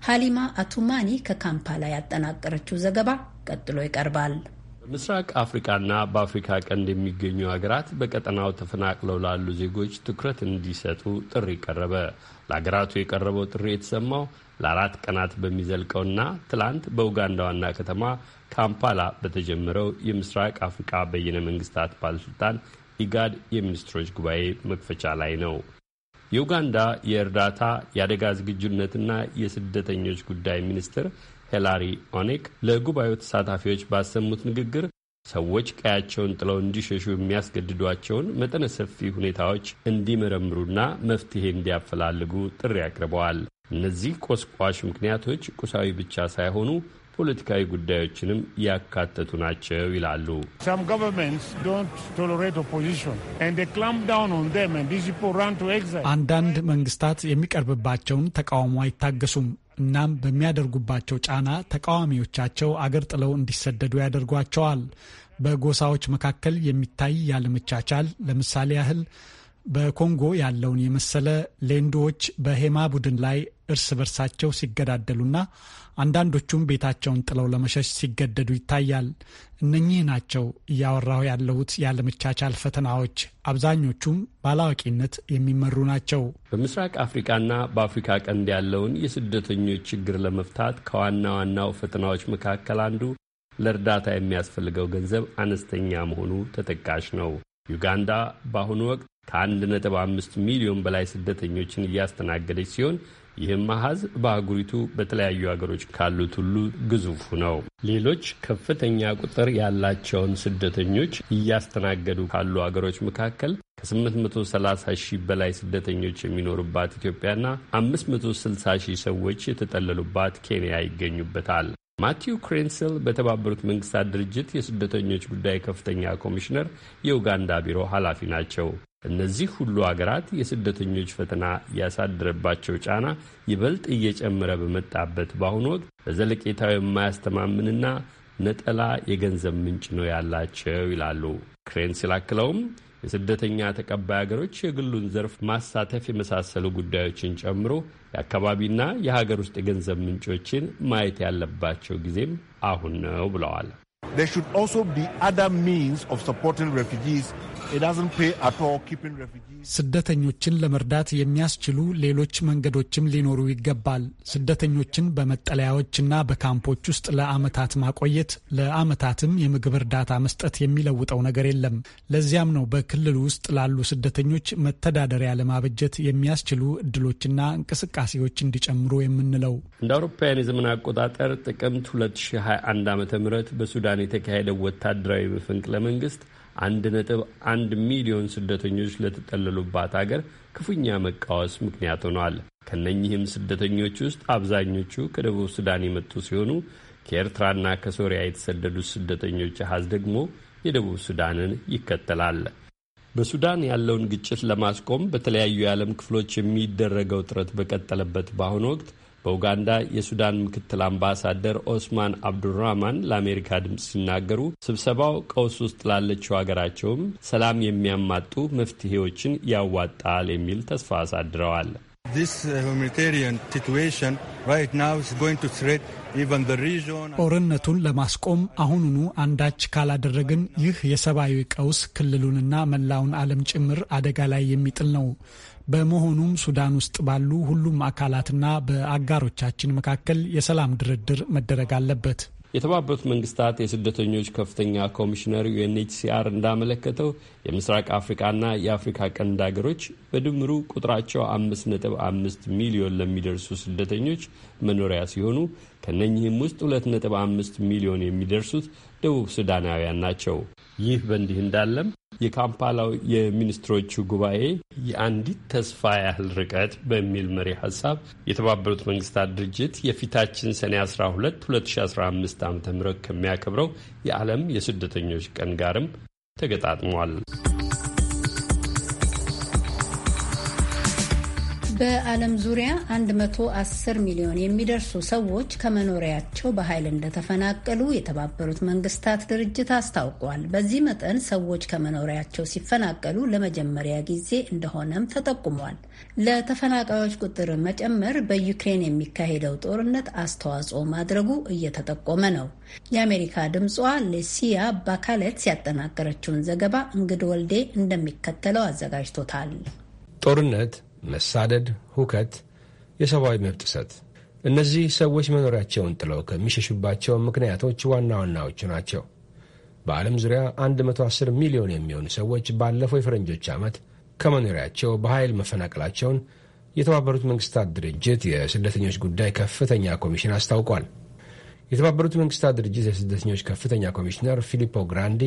ሀሊማ አቱማኒ ከካምፓላ ያጠናቀረችው ዘገባ ቀጥሎ ይቀርባል። በምስራቅ አፍሪካና በአፍሪካ ቀንድ የሚገኙ ሀገራት በቀጠናው ተፈናቅለው ላሉ ዜጎች ትኩረት እንዲሰጡ ጥሪ ቀረበ። ለሀገራቱ የቀረበው ጥሪ የተሰማው ለአራት ቀናት በሚዘልቀውና ትላንት በኡጋንዳ ዋና ከተማ ካምፓላ በተጀመረው የምስራቅ አፍሪካ በይነ መንግስታት ባለስልጣን ኢጋድ የሚኒስትሮች ጉባኤ መክፈቻ ላይ ነው። የኡጋንዳ የእርዳታ የአደጋ ዝግጁነትና የስደተኞች ጉዳይ ሚኒስትር ሄላሪ ኦኔክ ለጉባኤው ተሳታፊዎች ባሰሙት ንግግር ሰዎች ቀያቸውን ጥለው እንዲሸሹ የሚያስገድዷቸውን መጠነ ሰፊ ሁኔታዎች እንዲመረምሩና መፍትሄ እንዲያፈላልጉ ጥሪ አቅርበዋል። እነዚህ ቆስቋሽ ምክንያቶች ቁሳዊ ብቻ ሳይሆኑ ፖለቲካዊ ጉዳዮችንም ያካተቱ ናቸው ይላሉ። አንዳንድ መንግስታት የሚቀርብባቸውን ተቃውሞ አይታገሱም። እናም በሚያደርጉባቸው ጫና ተቃዋሚዎቻቸው አገር ጥለው እንዲሰደዱ ያደርጓቸዋል። በጎሳዎች መካከል የሚታይ ያለመቻቻል ለምሳሌ ያህል በኮንጎ ያለውን የመሰለ ሌንዶዎች በሄማ ቡድን ላይ እርስ በርሳቸው ሲገዳደሉና አንዳንዶቹም ቤታቸውን ጥለው ለመሸሽ ሲገደዱ ይታያል። እነኚህ ናቸው እያወራሁ ያለሁት ያለመቻቻል ፈተናዎች። አብዛኞቹም ባላዋቂነት የሚመሩ ናቸው። በምስራቅ አፍሪካና በአፍሪካ ቀንድ ያለውን የስደተኞች ችግር ለመፍታት ከዋና ዋናው ፈተናዎች መካከል አንዱ ለእርዳታ የሚያስፈልገው ገንዘብ አነስተኛ መሆኑ ተጠቃሽ ነው። ዩጋንዳ በአሁኑ ወቅት ከ1.5 ሚሊዮን በላይ ስደተኞችን እያስተናገደች ሲሆን ይህም አሀዝ በአህጉሪቱ በተለያዩ ሀገሮች ካሉት ሁሉ ግዙፉ ነው። ሌሎች ከፍተኛ ቁጥር ያላቸውን ስደተኞች እያስተናገዱ ካሉ አገሮች መካከል ከ830 ሺህ በላይ ስደተኞች የሚኖሩባት ኢትዮጵያና 560 ሺህ ሰዎች የተጠለሉባት ኬንያ ይገኙበታል። ማቲው ክሬንስል በተባበሩት መንግስታት ድርጅት የስደተኞች ጉዳይ ከፍተኛ ኮሚሽነር የኡጋንዳ ቢሮ ኃላፊ ናቸው። እነዚህ ሁሉ አገራት የስደተኞች ፈተና ያሳደረባቸው ጫና ይበልጥ እየጨመረ በመጣበት በአሁኑ ወቅት በዘለቄታዊ የማያስተማምንና ነጠላ የገንዘብ ምንጭ ነው ያላቸው ይላሉ። ክሬን ሲላክለውም የስደተኛ ተቀባይ አገሮች የግሉን ዘርፍ ማሳተፍ የመሳሰሉ ጉዳዮችን ጨምሮ የአካባቢና የሀገር ውስጥ የገንዘብ ምንጮችን ማየት ያለባቸው ጊዜም አሁን ነው ብለዋል። ስደተኞችን ለመርዳት የሚያስችሉ ሌሎች መንገዶችም ሊኖሩ ይገባል። ስደተኞችን በመጠለያዎችና በካምፖች ውስጥ ለአመታት ማቆየት፣ ለአመታትም የምግብ እርዳታ መስጠት የሚለውጠው ነገር የለም። ለዚያም ነው በክልሉ ውስጥ ላሉ ስደተኞች መተዳደሪያ ለማበጀት የሚያስችሉ እድሎችና እንቅስቃሴዎች እንዲጨምሩ የምንለው። እንደ አውሮፓውያን የዘመን አቆጣጠር ጥቅምት 2021 ዓ ም በሱዳን ሱዳን የተካሄደው ወታደራዊ መፈንቅለ መንግስት አንድ ነጥብ አንድ ሚሊዮን ስደተኞች ለተጠለሉባት አገር ክፉኛ መቃወስ ምክንያት ሆኗል። ከነኚህም ስደተኞች ውስጥ አብዛኞቹ ከደቡብ ሱዳን የመጡ ሲሆኑ ከኤርትራና ከሶሪያ የተሰደዱት ስደተኞች አሃዝ ደግሞ የደቡብ ሱዳንን ይከተላል። በሱዳን ያለውን ግጭት ለማስቆም በተለያዩ የዓለም ክፍሎች የሚደረገው ጥረት በቀጠለበት በአሁኑ ወቅት በኡጋንዳ የሱዳን ምክትል አምባሳደር ኦስማን አብዱራህማን ለአሜሪካ ድምፅ ሲናገሩ ስብሰባው ቀውስ ውስጥ ላለችው ሀገራቸውም ሰላም የሚያማጡ መፍትሄዎችን ያዋጣል የሚል ተስፋ አሳድረዋል። uh, ጦርነቱን ለማስቆም አሁኑኑ አንዳች ካላደረግን ይህ የሰብአዊ ቀውስ ክልሉንና መላውን ዓለም ጭምር አደጋ ላይ የሚጥል ነው። በመሆኑም ሱዳን ውስጥ ባሉ ሁሉም አካላትና በአጋሮቻችን መካከል የሰላም ድርድር መደረግ አለበት። የተባበሩት መንግስታት የስደተኞች ከፍተኛ ኮሚሽነር ዩኤንኤችሲአር እንዳመለከተው የምስራቅ አፍሪካና የአፍሪካ ቀንድ ሀገሮች በድምሩ ቁጥራቸው አምስት ነጥብ አምስት ሚሊዮን ለሚደርሱ ስደተኞች መኖሪያ ሲሆኑ ከነኚህም ውስጥ ሁለት ነጥብ አምስት ሚሊዮን የሚደርሱት ደቡብ ሱዳናውያን ናቸው። ይህ በእንዲህ እንዳለም የካምፓላው የሚኒስትሮቹ ጉባኤ የአንዲት ተስፋ ያህል ርቀት በሚል መሪ ሀሳብ የተባበሩት መንግስታት ድርጅት የፊታችን ሰኔ 12 2015 ዓ ም ከሚያከብረው የዓለም የስደተኞች ቀን ጋርም ተገጣጥሟል። በዓለም ዙሪያ 110 ሚሊዮን የሚደርሱ ሰዎች ከመኖሪያቸው በኃይል እንደተፈናቀሉ የተባበሩት መንግስታት ድርጅት አስታውቋል። በዚህ መጠን ሰዎች ከመኖሪያቸው ሲፈናቀሉ ለመጀመሪያ ጊዜ እንደሆነም ተጠቁሟል። ለተፈናቃዮች ቁጥር መጨመር በዩክሬን የሚካሄደው ጦርነት አስተዋጽኦ ማድረጉ እየተጠቆመ ነው። የአሜሪካ ድምጿ ሌሲያ ባካሌትስ ያጠናቀረችውን ዘገባ እንግድ ወልዴ እንደሚከተለው አዘጋጅቶታል። ጦርነት መሳደድ፣ ሁከት፣ የሰብአዊ መብት ጥሰት እነዚህ ሰዎች መኖሪያቸውን ጥለው ከሚሸሹባቸው ምክንያቶች ዋና ዋናዎቹ ናቸው። በዓለም ዙሪያ 110 ሚሊዮን የሚሆኑ ሰዎች ባለፈው የፈረንጆች ዓመት ከመኖሪያቸው በኃይል መፈናቀላቸውን የተባበሩት መንግስታት ድርጅት የስደተኞች ጉዳይ ከፍተኛ ኮሚሽን አስታውቋል። የተባበሩት መንግስታት ድርጅት የስደተኞች ከፍተኛ ኮሚሽነር ፊሊፖ ግራንዲ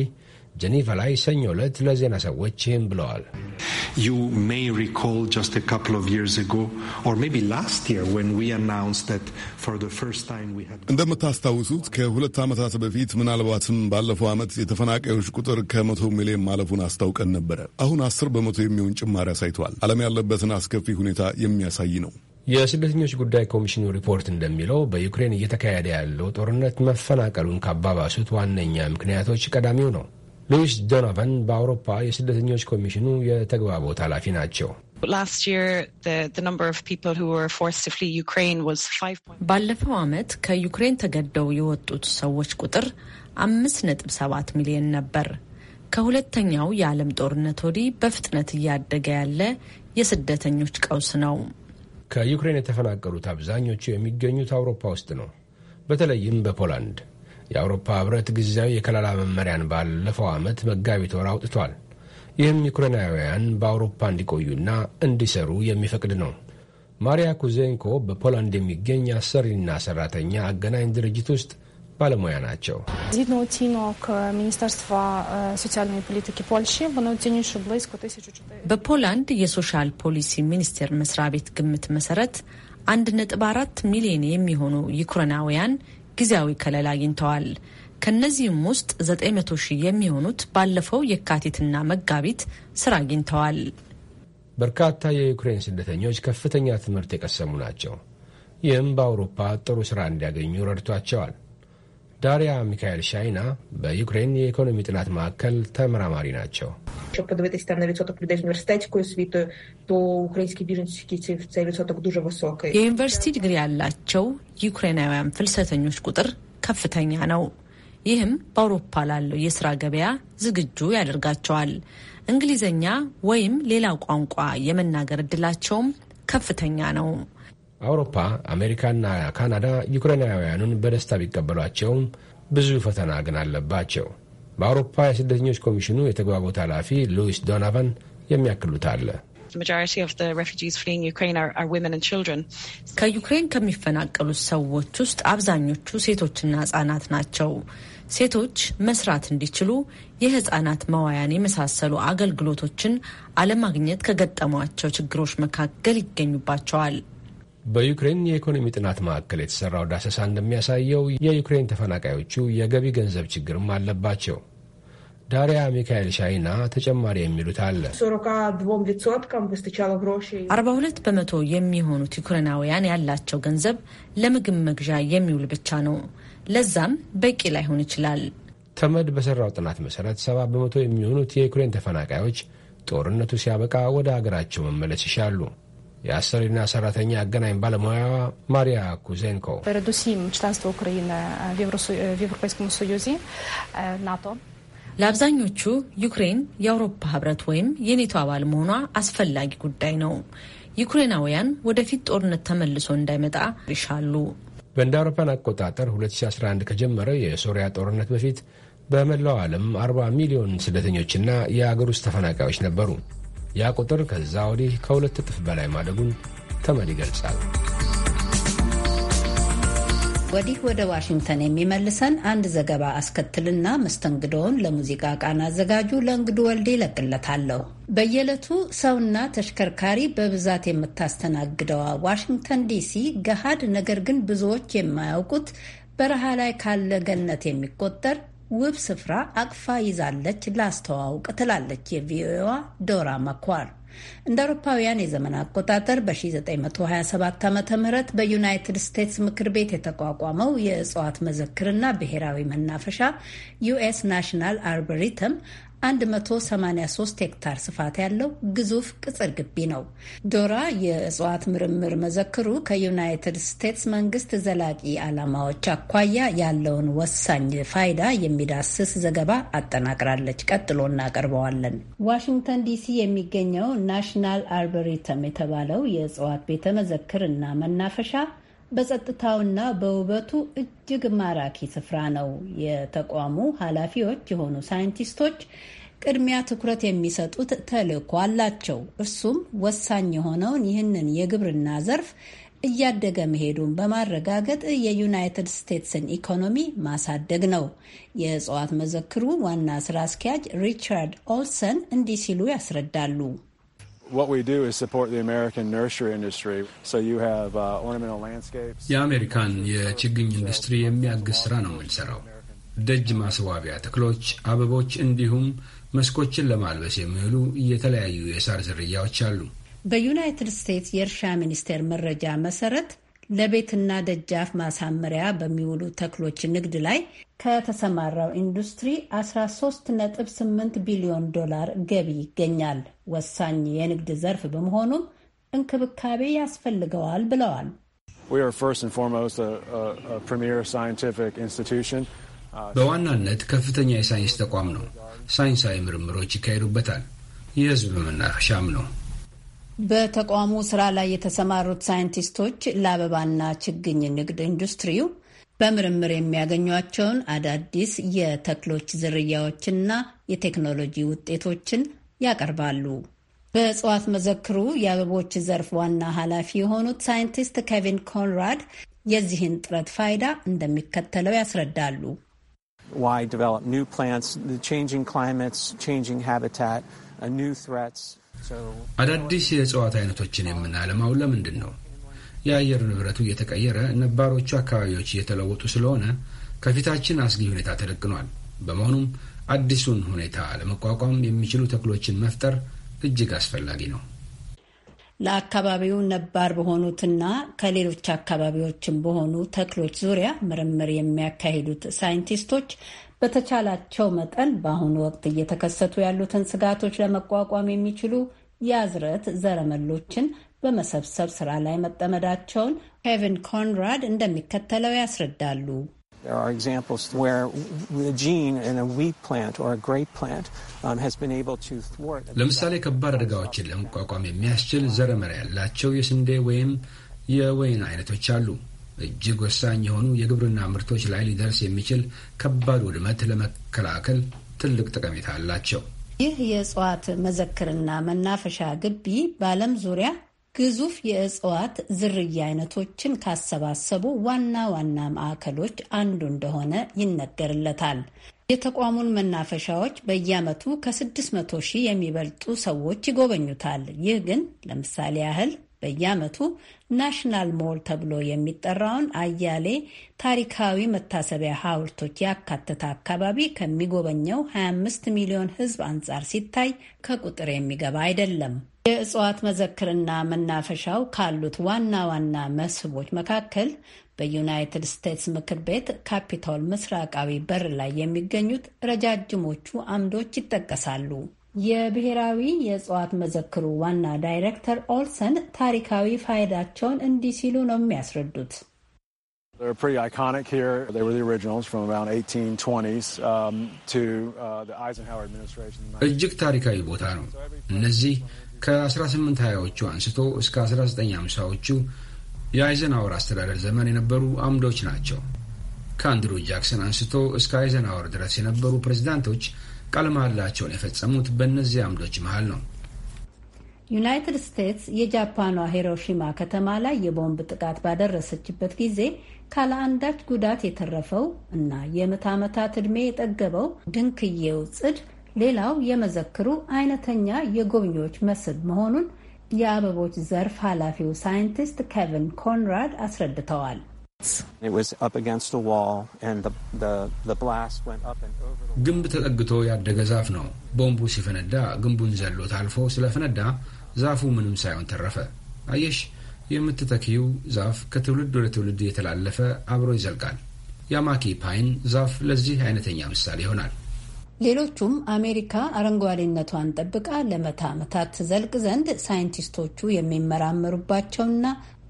ጀኒቫ ላይ ሰኞ ዕለት ለዜና ሰዎች ይህም ብለዋል። እንደምታስታውሱት ከሁለት ዓመታት በፊት ምናልባትም ባለፈው ዓመት የተፈናቃዮች ቁጥር ከመቶ ሚሊዮን ማለፉን አስታውቀን ነበረ። አሁን አስር በመቶ የሚሆን ጭማሪ አሳይቷል። ዓለም ያለበትን አስከፊ ሁኔታ የሚያሳይ ነው። የስደተኞች ጉዳይ ኮሚሽኑ ሪፖርት እንደሚለው በዩክሬን እየተካሄደ ያለው ጦርነት መፈናቀሉን ካባባሱት ዋነኛ ምክንያቶች ቀዳሚው ነው። ሉዊስ ዶኖቫን በአውሮፓ የስደተኞች ኮሚሽኑ የተግባቦት ኃላፊ ናቸው። ባለፈው ዓመት ከዩክሬን ተገደው የወጡት ሰዎች ቁጥር አምስት ነጥብ ሰባት ሚሊዮን ነበር። ከሁለተኛው የዓለም ጦርነት ወዲህ በፍጥነት እያደገ ያለ የስደተኞች ቀውስ ነው። ከዩክሬን የተፈናቀሉት አብዛኞቹ የሚገኙት አውሮፓ ውስጥ ነው፣ በተለይም በፖላንድ የአውሮፓ ህብረት ጊዜያዊ የከለላ መመሪያን ባለፈው ዓመት መጋቢት ወር አውጥቷል። ይህም ዩክሬናውያን በአውሮፓ እንዲቆዩና እንዲሰሩ የሚፈቅድ ነው። ማሪያ ኩዜንኮ በፖላንድ የሚገኝ አሰሪና ሰራተኛ አገናኝ ድርጅት ውስጥ ባለሙያ ናቸው። በፖላንድ የሶሻል ፖሊሲ ሚኒስቴር መስሪያ ቤት ግምት መሰረት 1.4 ሚሊዮን የሚሆኑ ዩክሬናውያን ጊዜያዊ ከለላ አግኝተዋል። ከእነዚህም ውስጥ 900 ሺህ የሚሆኑት ባለፈው የካቲትና መጋቢት ስራ አግኝተዋል። በርካታ የዩክሬን ስደተኞች ከፍተኛ ትምህርት የቀሰሙ ናቸው። ይህም በአውሮፓ ጥሩ ስራ እንዲያገኙ ረድቷቸዋል። ዳሪያ ሚካኤል ሻይና በዩክሬን የኢኮኖሚ ጥናት ማዕከል ተመራማሪ ናቸው። የዩኒቨርሲቲ ዲግሪ ያላቸው ዩክሬናውያን ፍልሰተኞች ቁጥር ከፍተኛ ነው። ይህም በአውሮፓ ላለው የስራ ገበያ ዝግጁ ያደርጋቸዋል። እንግሊዝኛ ወይም ሌላ ቋንቋ የመናገር እድላቸውም ከፍተኛ ነው። አውሮፓ፣ አሜሪካና ካናዳ ዩክሬናውያኑን በደስታ ቢቀበሏቸውም ብዙ ፈተና ግን አለባቸው። በአውሮፓ የስደተኞች ኮሚሽኑ የተግባቦት ኃላፊ ሉዊስ ዶናቫን የሚያክሉት አለ። ከዩክሬን ከሚፈናቀሉት ሰዎች ውስጥ አብዛኞቹ ሴቶችና ህጻናት ናቸው። ሴቶች መስራት እንዲችሉ የህጻናት መዋያን የመሳሰሉ አገልግሎቶችን አለማግኘት ከገጠሟቸው ችግሮች መካከል ይገኙባቸዋል። በዩክሬን የኢኮኖሚ ጥናት ማዕከል የተሰራው ዳሰሳ እንደሚያሳየው የዩክሬን ተፈናቃዮቹ የገቢ ገንዘብ ችግርም አለባቸው። ዳሪያ ሚካኤል ሻይና ተጨማሪ የሚሉት አለ። አርባ ሁለት በመቶ የሚሆኑት ዩክሬናውያን ያላቸው ገንዘብ ለምግብ መግዣ የሚውል ብቻ ነው። ለዛም በቂ ላይሆን ይችላል። ተመድ በሰራው ጥናት መሰረት ሰባ በመቶ የሚሆኑት የዩክሬን ተፈናቃዮች ጦርነቱ ሲያበቃ ወደ አገራቸው መመለስ ይሻሉ። የአሰሪና ሰራተኛ አገናኝ ባለሙያዋ ማሪያ ኩዜንኮ ለአብዛኞቹ ዩክሬን የአውሮፓ ህብረት ወይም የኔቶ አባል መሆኗ አስፈላጊ ጉዳይ ነው። ዩክሬናውያን ወደፊት ጦርነት ተመልሶ እንዳይመጣ ይሻሉ። በእንደ አውሮፓን አቆጣጠር 2011 ከጀመረ የሶሪያ ጦርነት በፊት በመላው ዓለም 40 ሚሊዮን ስደተኞችና የአገር ውስጥ ተፈናቃዮች ነበሩ። ያ ቁጥር ከዛ ወዲህ ከሁለት እጥፍ በላይ ማደጉን ተመድ ይገልጻል። ወዲህ ወደ ዋሽንግተን የሚመልሰን አንድ ዘገባ አስከትልና መስተንግዶውን ለሙዚቃ ቃና አዘጋጁ ለእንግዱ ወልዴ ይለቅለታለሁ። በየዕለቱ ሰውና ተሽከርካሪ በብዛት የምታስተናግደዋ ዋሽንግተን ዲሲ ገሃድ ነገር ግን ብዙዎች የማያውቁት በረሃ ላይ ካለ ገነት የሚቆጠር ውብ ስፍራ አቅፋ ይዛለች ላስተዋውቅ ትላለች የቪኦኤዋ ዶራ መኳር። እንደ አውሮፓውያን የዘመን አቆጣጠር በ1927 ዓ ም በዩናይትድ ስቴትስ ምክር ቤት የተቋቋመው የእጽዋት መዘክርና ብሔራዊ መናፈሻ ዩኤስ ናሽናል አርበሪተም 183 ሄክታር ስፋት ያለው ግዙፍ ቅጽር ግቢ ነው። ዶራ የእጽዋት ምርምር መዘክሩ ከዩናይትድ ስቴትስ መንግስት ዘላቂ ዓላማዎች አኳያ ያለውን ወሳኝ ፋይዳ የሚዳስስ ዘገባ አጠናቅራለች። ቀጥሎ እናቀርበዋለን። ዋሽንግተን ዲሲ የሚገኘው ናሽናል አርበሪተም የተባለው የእጽዋት ቤተ መዘክር እና መናፈሻ በጸጥታውና በውበቱ እጅግ ማራኪ ስፍራ ነው። የተቋሙ ኃላፊዎች የሆኑ ሳይንቲስቶች ቅድሚያ ትኩረት የሚሰጡት ተልዕኮ አላቸው። እርሱም ወሳኝ የሆነውን ይህንን የግብርና ዘርፍ እያደገ መሄዱን በማረጋገጥ የዩናይትድ ስቴትስን ኢኮኖሚ ማሳደግ ነው። የእጽዋት መዘክሩ ዋና ስራ አስኪያጅ ሪቻርድ ኦልሰን እንዲህ ሲሉ ያስረዳሉ። Uh, የአሜሪካን የችግኝ ኢንዱስትሪ የሚያግዝ ስራ ነው የምንሰራው። ደጅ ማስዋቢያ ተክሎች፣ አበቦች እንዲሁም መስኮችን ለማልበስ የሚውሉ የተለያዩ የሳር ዝርያዎች አሉ። በዩናይትድ ስቴትስ የእርሻ ሚኒስቴር መረጃ መሰረት ለቤትና ደጃፍ ማሳመሪያ በሚውሉ ተክሎች ንግድ ላይ ከተሰማራው ኢንዱስትሪ 13.8 ቢሊዮን ዶላር ገቢ ይገኛል። ወሳኝ የንግድ ዘርፍ በመሆኑም እንክብካቤ ያስፈልገዋል ብለዋል። በዋናነት ከፍተኛ የሳይንስ ተቋም ነው። ሳይንሳዊ ምርምሮች ይካሄዱበታል። የሕዝብ መናፈሻም ነው። በተቋሙ ስራ ላይ የተሰማሩት ሳይንቲስቶች ለአበባና ችግኝ ንግድ ኢንዱስትሪው በምርምር የሚያገኟቸውን አዳዲስ የተክሎች ዝርያዎችና የቴክኖሎጂ ውጤቶችን ያቀርባሉ። በእጽዋት መዘክሩ የአበቦች ዘርፍ ዋና ኃላፊ የሆኑት ሳይንቲስት ኬቪን ኮንራድ የዚህን ጥረት ፋይዳ እንደሚከተለው ያስረዳሉ። why develop new plants, the changing climates, changing habitat, new threats. አዳዲስ የእጽዋት አይነቶችን የምናለማው ለምንድን ነው? የአየር ንብረቱ እየተቀየረ ነባሮቹ አካባቢዎች እየተለወጡ ስለሆነ ከፊታችን አስጊ ሁኔታ ተደቅኗል። በመሆኑም አዲሱን ሁኔታ ለመቋቋም የሚችሉ ተክሎችን መፍጠር እጅግ አስፈላጊ ነው። ለአካባቢው ነባር በሆኑትና ከሌሎች አካባቢዎችም በሆኑ ተክሎች ዙሪያ ምርምር የሚያካሂዱት ሳይንቲስቶች በተቻላቸው መጠን በአሁኑ ወቅት እየተከሰቱ ያሉትን ስጋቶች ለመቋቋም የሚችሉ የአዝርዕት ዘረመሎችን በመሰብሰብ ስራ ላይ መጠመዳቸውን ኬቪን ኮንራድ እንደሚከተለው ያስረዳሉ። um, ለምሳሌ ከባድ አደጋዎችን ለመቋቋም የሚያስችል ዘረመል ያላቸው የስንዴ ወይም የወይን አይነቶች አሉ። እጅግ ወሳኝ የሆኑ የግብርና ምርቶች ላይ ሊደርስ የሚችል ከባድ ውድመት ለመከላከል ትልቅ ጠቀሜታ አላቸው። ይህ የእጽዋት መዘክርና መናፈሻ ግቢ በዓለም ዙሪያ ግዙፍ የእጽዋት ዝርያ አይነቶችን ካሰባሰቡ ዋና ዋና ማዕከሎች አንዱ እንደሆነ ይነገርለታል። የተቋሙን መናፈሻዎች በየዓመቱ ከ600 ሺህ የሚበልጡ ሰዎች ይጎበኙታል። ይህ ግን ለምሳሌ ያህል በየዓመቱ ናሽናል ሞል ተብሎ የሚጠራውን አያሌ ታሪካዊ መታሰቢያ ሐውልቶች ያካተተ አካባቢ ከሚጎበኘው 25 ሚሊዮን ሕዝብ አንጻር ሲታይ ከቁጥር የሚገባ አይደለም። የእጽዋት መዘክርና መናፈሻው ካሉት ዋና ዋና መስህቦች መካከል በዩናይትድ ስቴትስ ምክር ቤት ካፒቶል ምስራቃዊ በር ላይ የሚገኙት ረጃጅሞቹ አምዶች ይጠቀሳሉ። የብሔራዊ የእጽዋት መዘክሩ ዋና ዳይሬክተር ኦልሰን ታሪካዊ ፋይዳቸውን እንዲህ ሲሉ ነው የሚያስረዱት። um, uh, እጅግ ታሪካዊ ቦታ ነው። እነዚህ ከ1820ዎቹ አንስቶ እስከ 1950ዎቹ የአይዘንሃወር አስተዳደር ዘመን የነበሩ አምዶች ናቸው። ከአንድሩ ጃክሰን አንስቶ እስከ አይዘንሃወር ድረስ የነበሩ ፕሬዚዳንቶች ቃለ መሐላቸውን የፈጸሙት በእነዚህ አምዶች መሃል ነው። ዩናይትድ ስቴትስ የጃፓኗ ሂሮሺማ ከተማ ላይ የቦምብ ጥቃት ባደረሰችበት ጊዜ ካለአንዳች ጉዳት የተረፈው እና የምዕተ ዓመታት ዕድሜ የጠገበው ድንክዬው ጽድ ሌላው የመዘክሩ አይነተኛ የጎብኚዎች መስህብ መሆኑን የአበቦች ዘርፍ ኃላፊው ሳይንቲስት ኬቪን ኮንራድ አስረድተዋል። ግንብ ተጠግቶ ያደገ ዛፍ ነው። ቦምቡ ሲፈነዳ ግንቡን ዘሎት አልፎ ስለፈነዳ ዛፉ ምንም ሳይሆን ተረፈ። አየሽ፣ የምትተኪው ዛፍ ከትውልድ ወደ ትውልድ የተላለፈ አብሮ ይዘልቃል። ያማኪ ፓይን ዛፍ ለዚህ አይነተኛ ምሳሌ ይሆናል። ሌሎቹም አሜሪካ አረንጓዴነቷን ጠብቃ ለመቶ ዓመታት ዘልቅ ዘንድ ሳይንቲስቶቹ የሚመራመሩባቸውና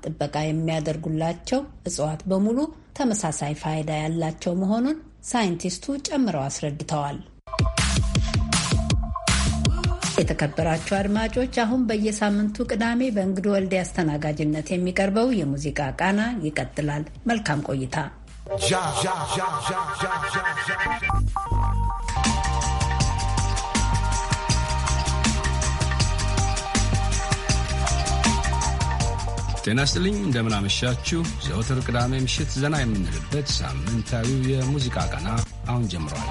ጥበቃ የሚያደርጉላቸው እጽዋት በሙሉ ተመሳሳይ ፋይዳ ያላቸው መሆኑን ሳይንቲስቱ ጨምረው አስረድተዋል። የተከበራቸው አድማጮች፣ አሁን በየሳምንቱ ቅዳሜ በእንግዱ ወልዴ አስተናጋጅነት የሚቀርበው የሙዚቃ ቃና ይቀጥላል። መልካም ቆይታ። ጤና ስጥልኝ። እንደምናመሻችሁ። ዘወትር ቅዳሜ ምሽት ዘና የምንልበት ሳምንታዊው የሙዚቃ ቀና አሁን ጀምረዋል።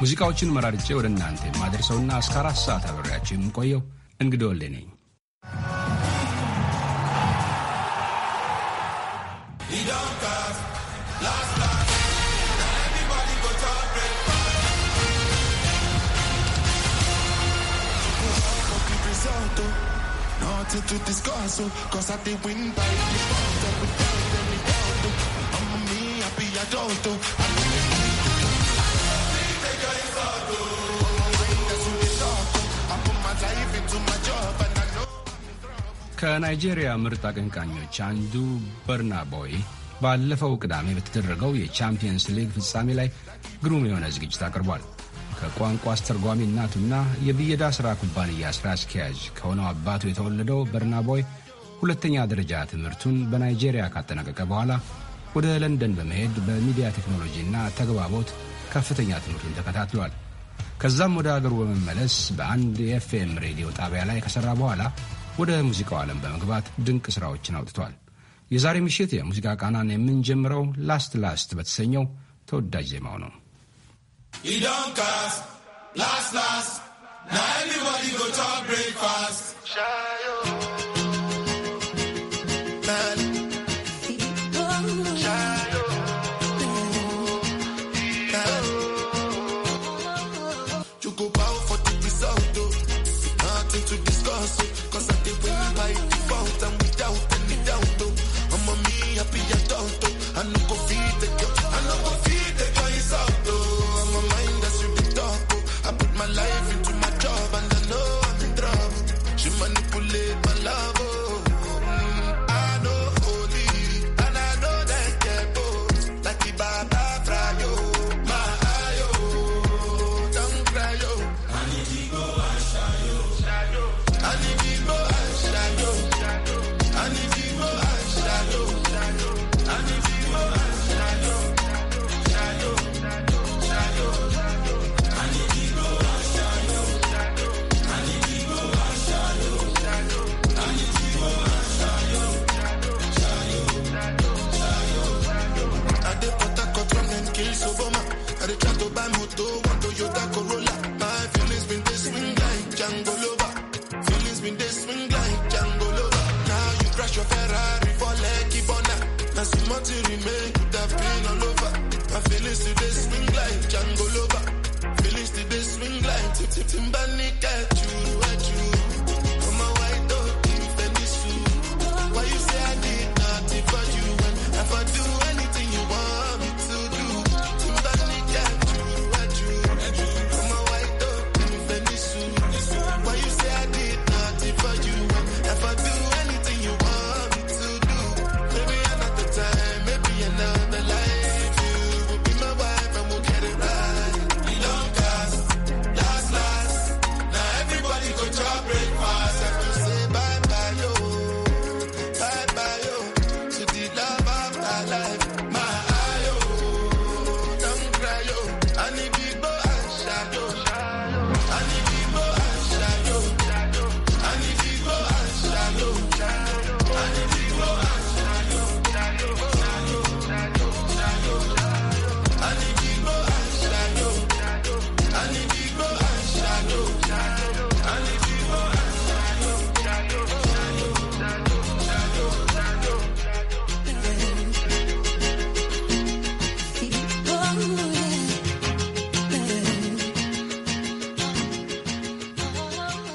ሙዚቃዎቹን መራርጬ ወደ እናንተ የማደርሰውና እስከ አራት ሰዓት አብሬያችሁ የምቆየው እንግዳ ወሌ ነኝ። to discuss, oh, cause the I'm a me, be ከናይጄሪያ ምርጥ አቀንቃኞች አንዱ በርና ቦይ ባለፈው ቅዳሜ በተደረገው የቻምፒየንስ ሊግ ፍጻሜ ላይ ግሩም የሆነ ዝግጅት አቅርቧል። ከቋንቋ አስተርጓሚ እናቱና የብየዳ ሥራ ኩባንያ ሥራ አስኪያጅ ከሆነው አባቱ የተወለደው በርናቦይ ሁለተኛ ደረጃ ትምህርቱን በናይጄሪያ ካጠናቀቀ በኋላ ወደ ለንደን በመሄድ በሚዲያ ቴክኖሎጂና ተግባቦት ከፍተኛ ትምህርቱን ተከታትሏል። ከዛም ወደ አገሩ በመመለስ በአንድ የኤፍኤም ሬዲዮ ጣቢያ ላይ ከሠራ በኋላ ወደ ሙዚቃው ዓለም በመግባት ድንቅ ሥራዎችን አውጥቷል። የዛሬ ምሽት የሙዚቃ ቃናን የምንጀምረው ላስት ላስት በተሰኘው ተወዳጅ ዜማው ነው። don't cast last last Now everybody go talk breakfast. Shayo.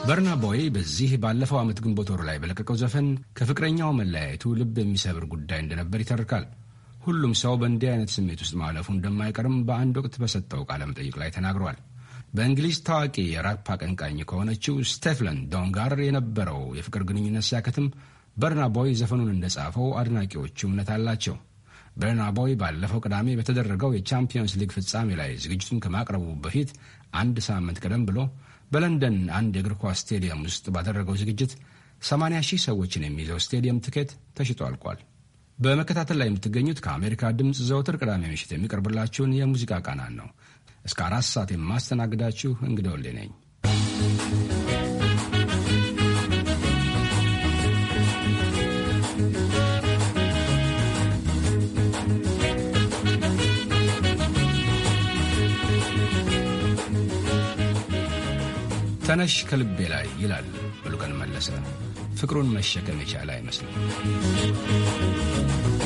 በርና ቦይ በዚህ ባለፈው ዓመት ግንቦት ወር ላይ በለቀቀው ዘፈን ከፍቅረኛው መለያየቱ ልብ የሚሰብር ጉዳይ እንደነበር ይተርካል። ሁሉም ሰው በእንዲህ አይነት ስሜት ውስጥ ማለፉ እንደማይቀርም በአንድ ወቅት በሰጠው ቃለ መጠይቅ ላይ ተናግሯል። በእንግሊዝ ታዋቂ የራፕ አቀንቃኝ ከሆነችው ስቴፍለን ዶን ጋር የነበረው የፍቅር ግንኙነት ሲያከትም በርና ቦይ ዘፈኑን እንደጻፈው አድናቂዎቹ እምነት አላቸው። በርና ቦይ ባለፈው ቅዳሜ በተደረገው የቻምፒየንስ ሊግ ፍጻሜ ላይ ዝግጅቱን ከማቅረቡ በፊት አንድ ሳምንት ቀደም ብሎ በለንደን አንድ የእግር ኳስ ስቴዲየም ውስጥ ባደረገው ዝግጅት 80 ሺህ ሰዎችን የሚይዘው ስቴዲየም ትኬት ተሽጦ አልቋል። በመከታተል ላይ የምትገኙት ከአሜሪካ ድምፅ ዘወትር ቅዳሜ ምሽት የሚቀርብላችሁን የሙዚቃ ቃናን ነው። እስከ አራት ሰዓት የማስተናግዳችሁ እንግዳ ወልዴ ነኝ። ተነሽ ከልቤ ላይ ይላል ብሉቀን መለሰ። ፍቅሩን መሸከም የቻለ አይመስልም።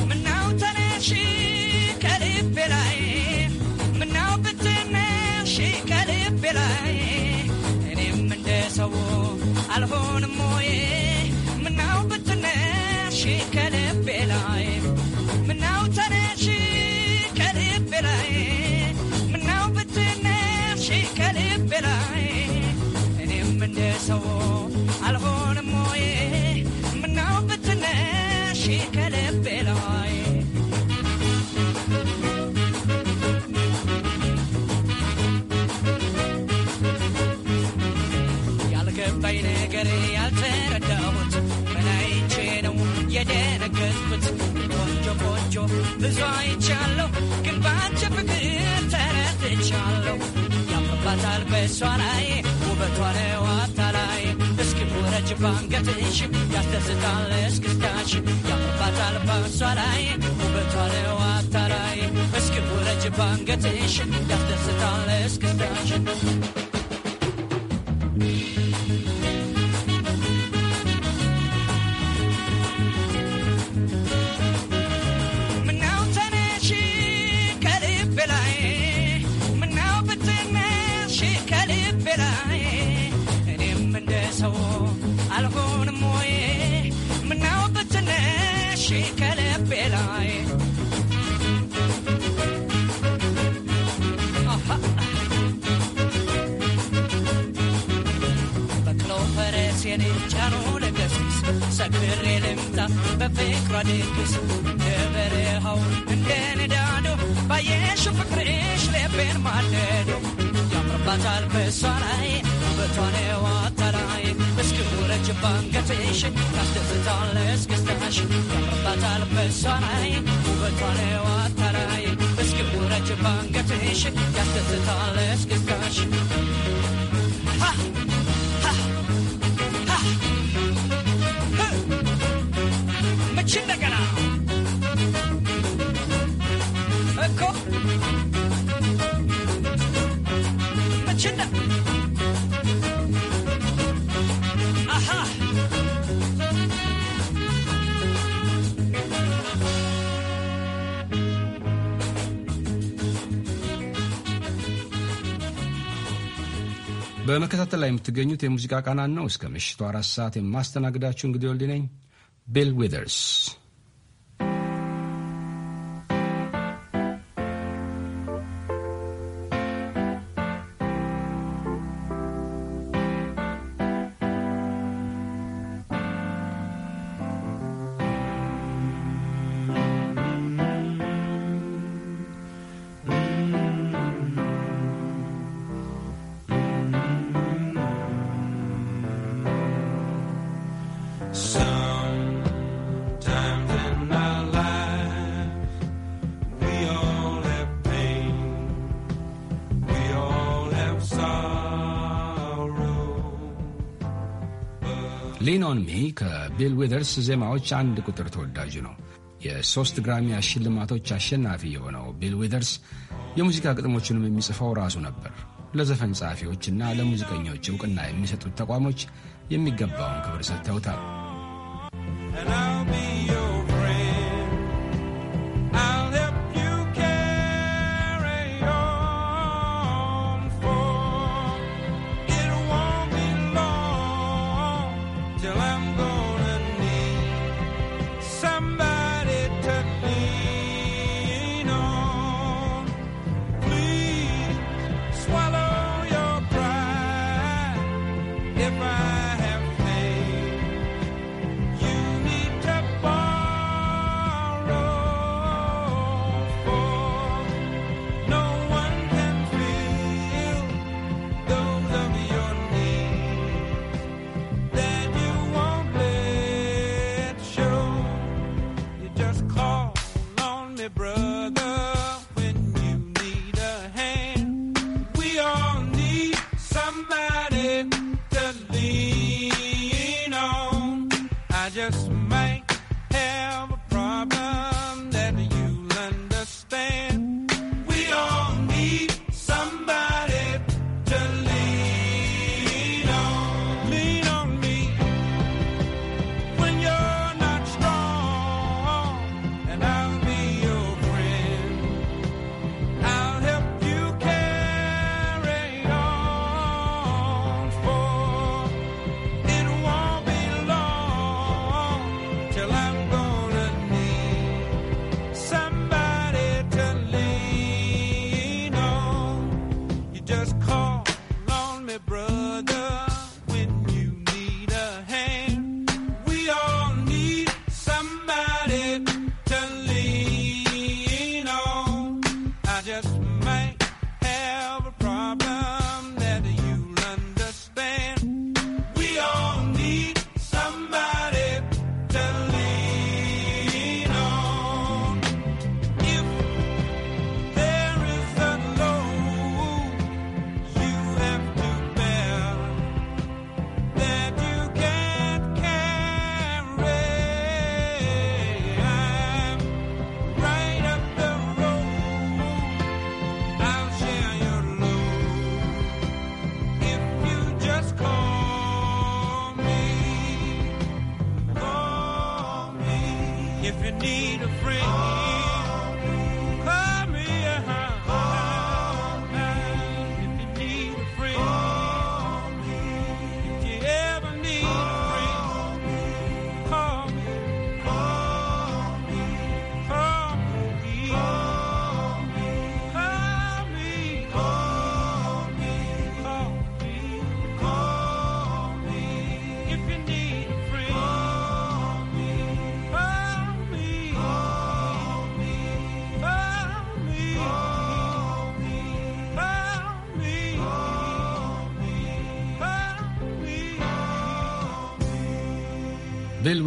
ምናው ተነሽ ከልቤ ላይ ምናው ብትነሽ ከልቤ ላይ እኔም እንደ ሰው አልሆንም ብዙ አይቻለሁ ግን ባንቺ ፍቅር ተረድቻለሁ። ያምርባታል በእሷ ላይ ውበቷ ለዋታ ላይ እስኪ ውረጅ ባንገትሽ ያስደስታል እስክስታሽ ያምርባታል በእሷ ላይ ውበቷ ለዋታ ላይ እስኪ ውረጅ ባንገትሽ ያስደስታል እስክስታሽ ደስታ በፍቅሯ ደግሱ የበረሃውን እንደ ንዳዶ ባየሽ ፍቅርሽ ልቤን ማለዶ ያምርባታል በሷ ላይ ውበቷን ዋታላይ እስክ ውረጅ ባንገትሽ ያስደስታል እስክስታሽ ያምርባታል በሷ ላይ ውበቷን ዋታላይ እስክ ውረጅ ባንገትሽ ያስደስታል እስክስታሽ በመከታተል ላይ የምትገኙት የሙዚቃ ቃናን ነው። እስከ ምሽቱ አራት ሰዓት የማስተናግዳችሁ እንግዲህ ወልድ ነኝ። ቢል ዊዘርስ ቢል ዊደርስ ዜማዎች አንድ ቁጥር ተወዳጁ ነው። የሶስት ግራሚ ሽልማቶች አሸናፊ የሆነው ቢል ዊደርስ የሙዚቃ ግጥሞቹንም የሚጽፈው ራሱ ነበር። ለዘፈን ጸሐፊዎችና ለሙዚቀኞች እውቅና የሚሰጡት ተቋሞች የሚገባውን ክብር ሰጥተውታል።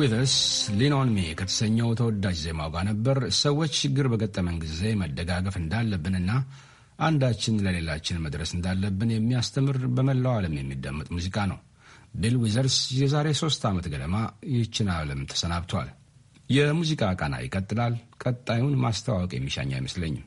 ዊዘስ ሊኖን ሜ ከተሰኘው ተወዳጅ ዜማው ጋር ነበር። ሰዎች ችግር በገጠመን ጊዜ መደጋገፍ እንዳለብንና አንዳችን ለሌላችን መድረስ እንዳለብን የሚያስተምር በመላው ዓለም የሚደመጥ ሙዚቃ ነው። ቢል ዊዘርስ የዛሬ ሶስት ዓመት ገደማ ይህችን ዓለም ተሰናብቷል። የሙዚቃ ቃና ይቀጥላል። ቀጣዩን ማስተዋወቅ የሚሻኝ አይመስለኝም።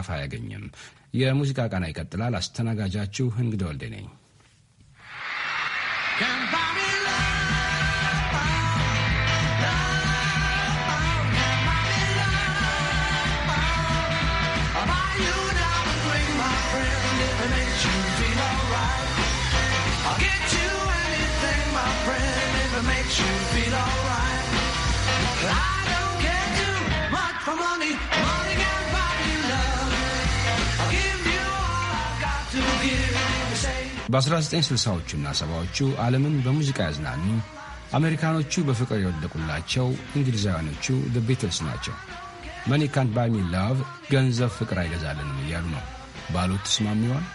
ድጋፍ አያገኝም። የሙዚቃ ቃና ይቀጥላል። አስተናጋጃችሁ እንግዳ ወልዴ ነኝ። በ1960ዎቹና ሰባዎቹ ዓለምን በሙዚቃ ያዝናኑ አሜሪካኖቹ በፍቅር የወደቁላቸው እንግሊዛውያኖቹ ዘ ቢትልስ ናቸው። መኒ ካንት ባይ ሚ ላቭ ገንዘብ ፍቅር አይገዛልንም እያሉ ነው ባሉት ተስማሚዋል።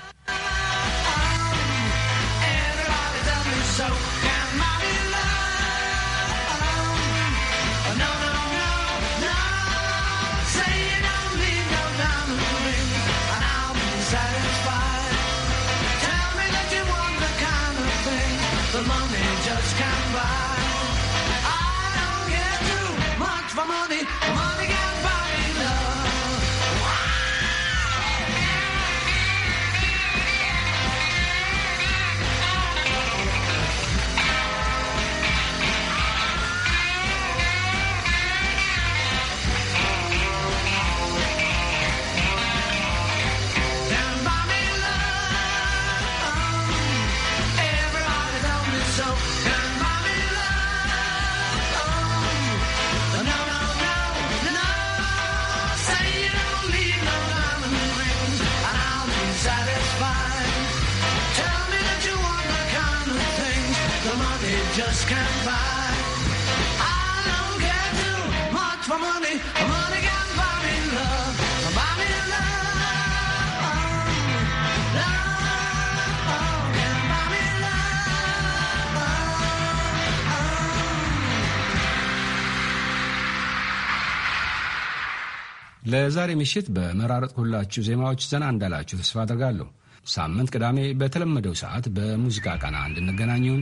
ለዛሬ ምሽት በመራረጥ ሁላችሁ ዜማዎች ዘና እንዳላችሁ ተስፋ አድርጋለሁ። ሳምንት ቅዳሜ በተለመደው ሰዓት በሙዚቃ ቀና እንድንገናኘውን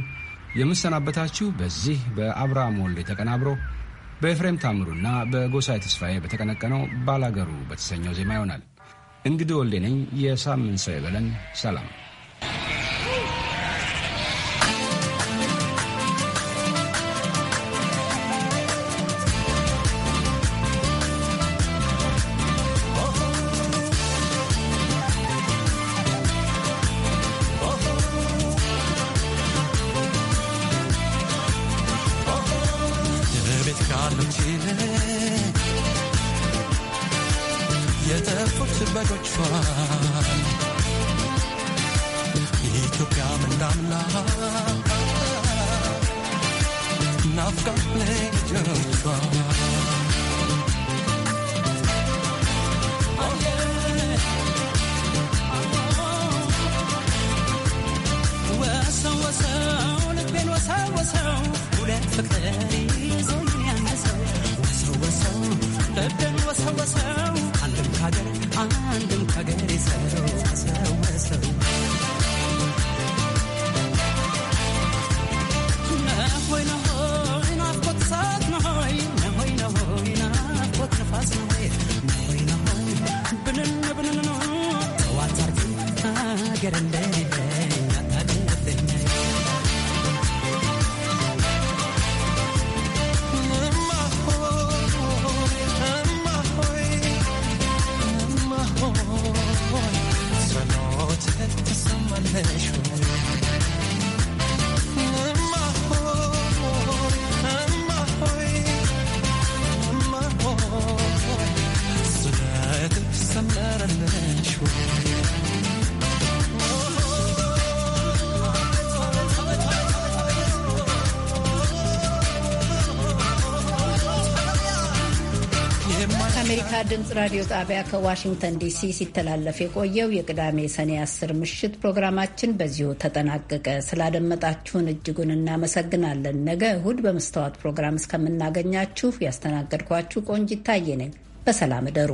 የምሰናበታችሁ በዚህ በአብርሃም ወልዴ ተቀናብሮ በኤፍሬም ታምሩና በጎሳ ተስፋዬ በተቀነቀነው ባላገሩ በተሰኘው ዜማ ይሆናል። እንግዲህ ወልዴ ነኝ። የሳምንት ሰው ይበለን። ሰላም What's up? በደል ወሰወሰው አንድም ካገር አንድም ካገር ሰው ሰወሰው ነሆይ ነሆይ ናፍቆት ሰዓት ነሆይ ነሆይ ነሆይ ናፍቆት ነፋስ ነሆይ ነሆይ ነሆይ ብንን ብንን ነው ተዋታርኩ አገር እንደ ድምፅ ራዲዮ ጣቢያ ከዋሽንግተን ዲሲ ሲተላለፍ የቆየው የቅዳሜ ሰኔ አስር ምሽት ፕሮግራማችን በዚሁ ተጠናቀቀ። ስላደመጣችሁን እጅጉን እናመሰግናለን። ነገ እሁድ በመስተዋት ፕሮግራም እስከምናገኛችሁ ያስተናገድኳችሁ ቆንጅ ይታየ ነኝ። በሰላም እደሩ።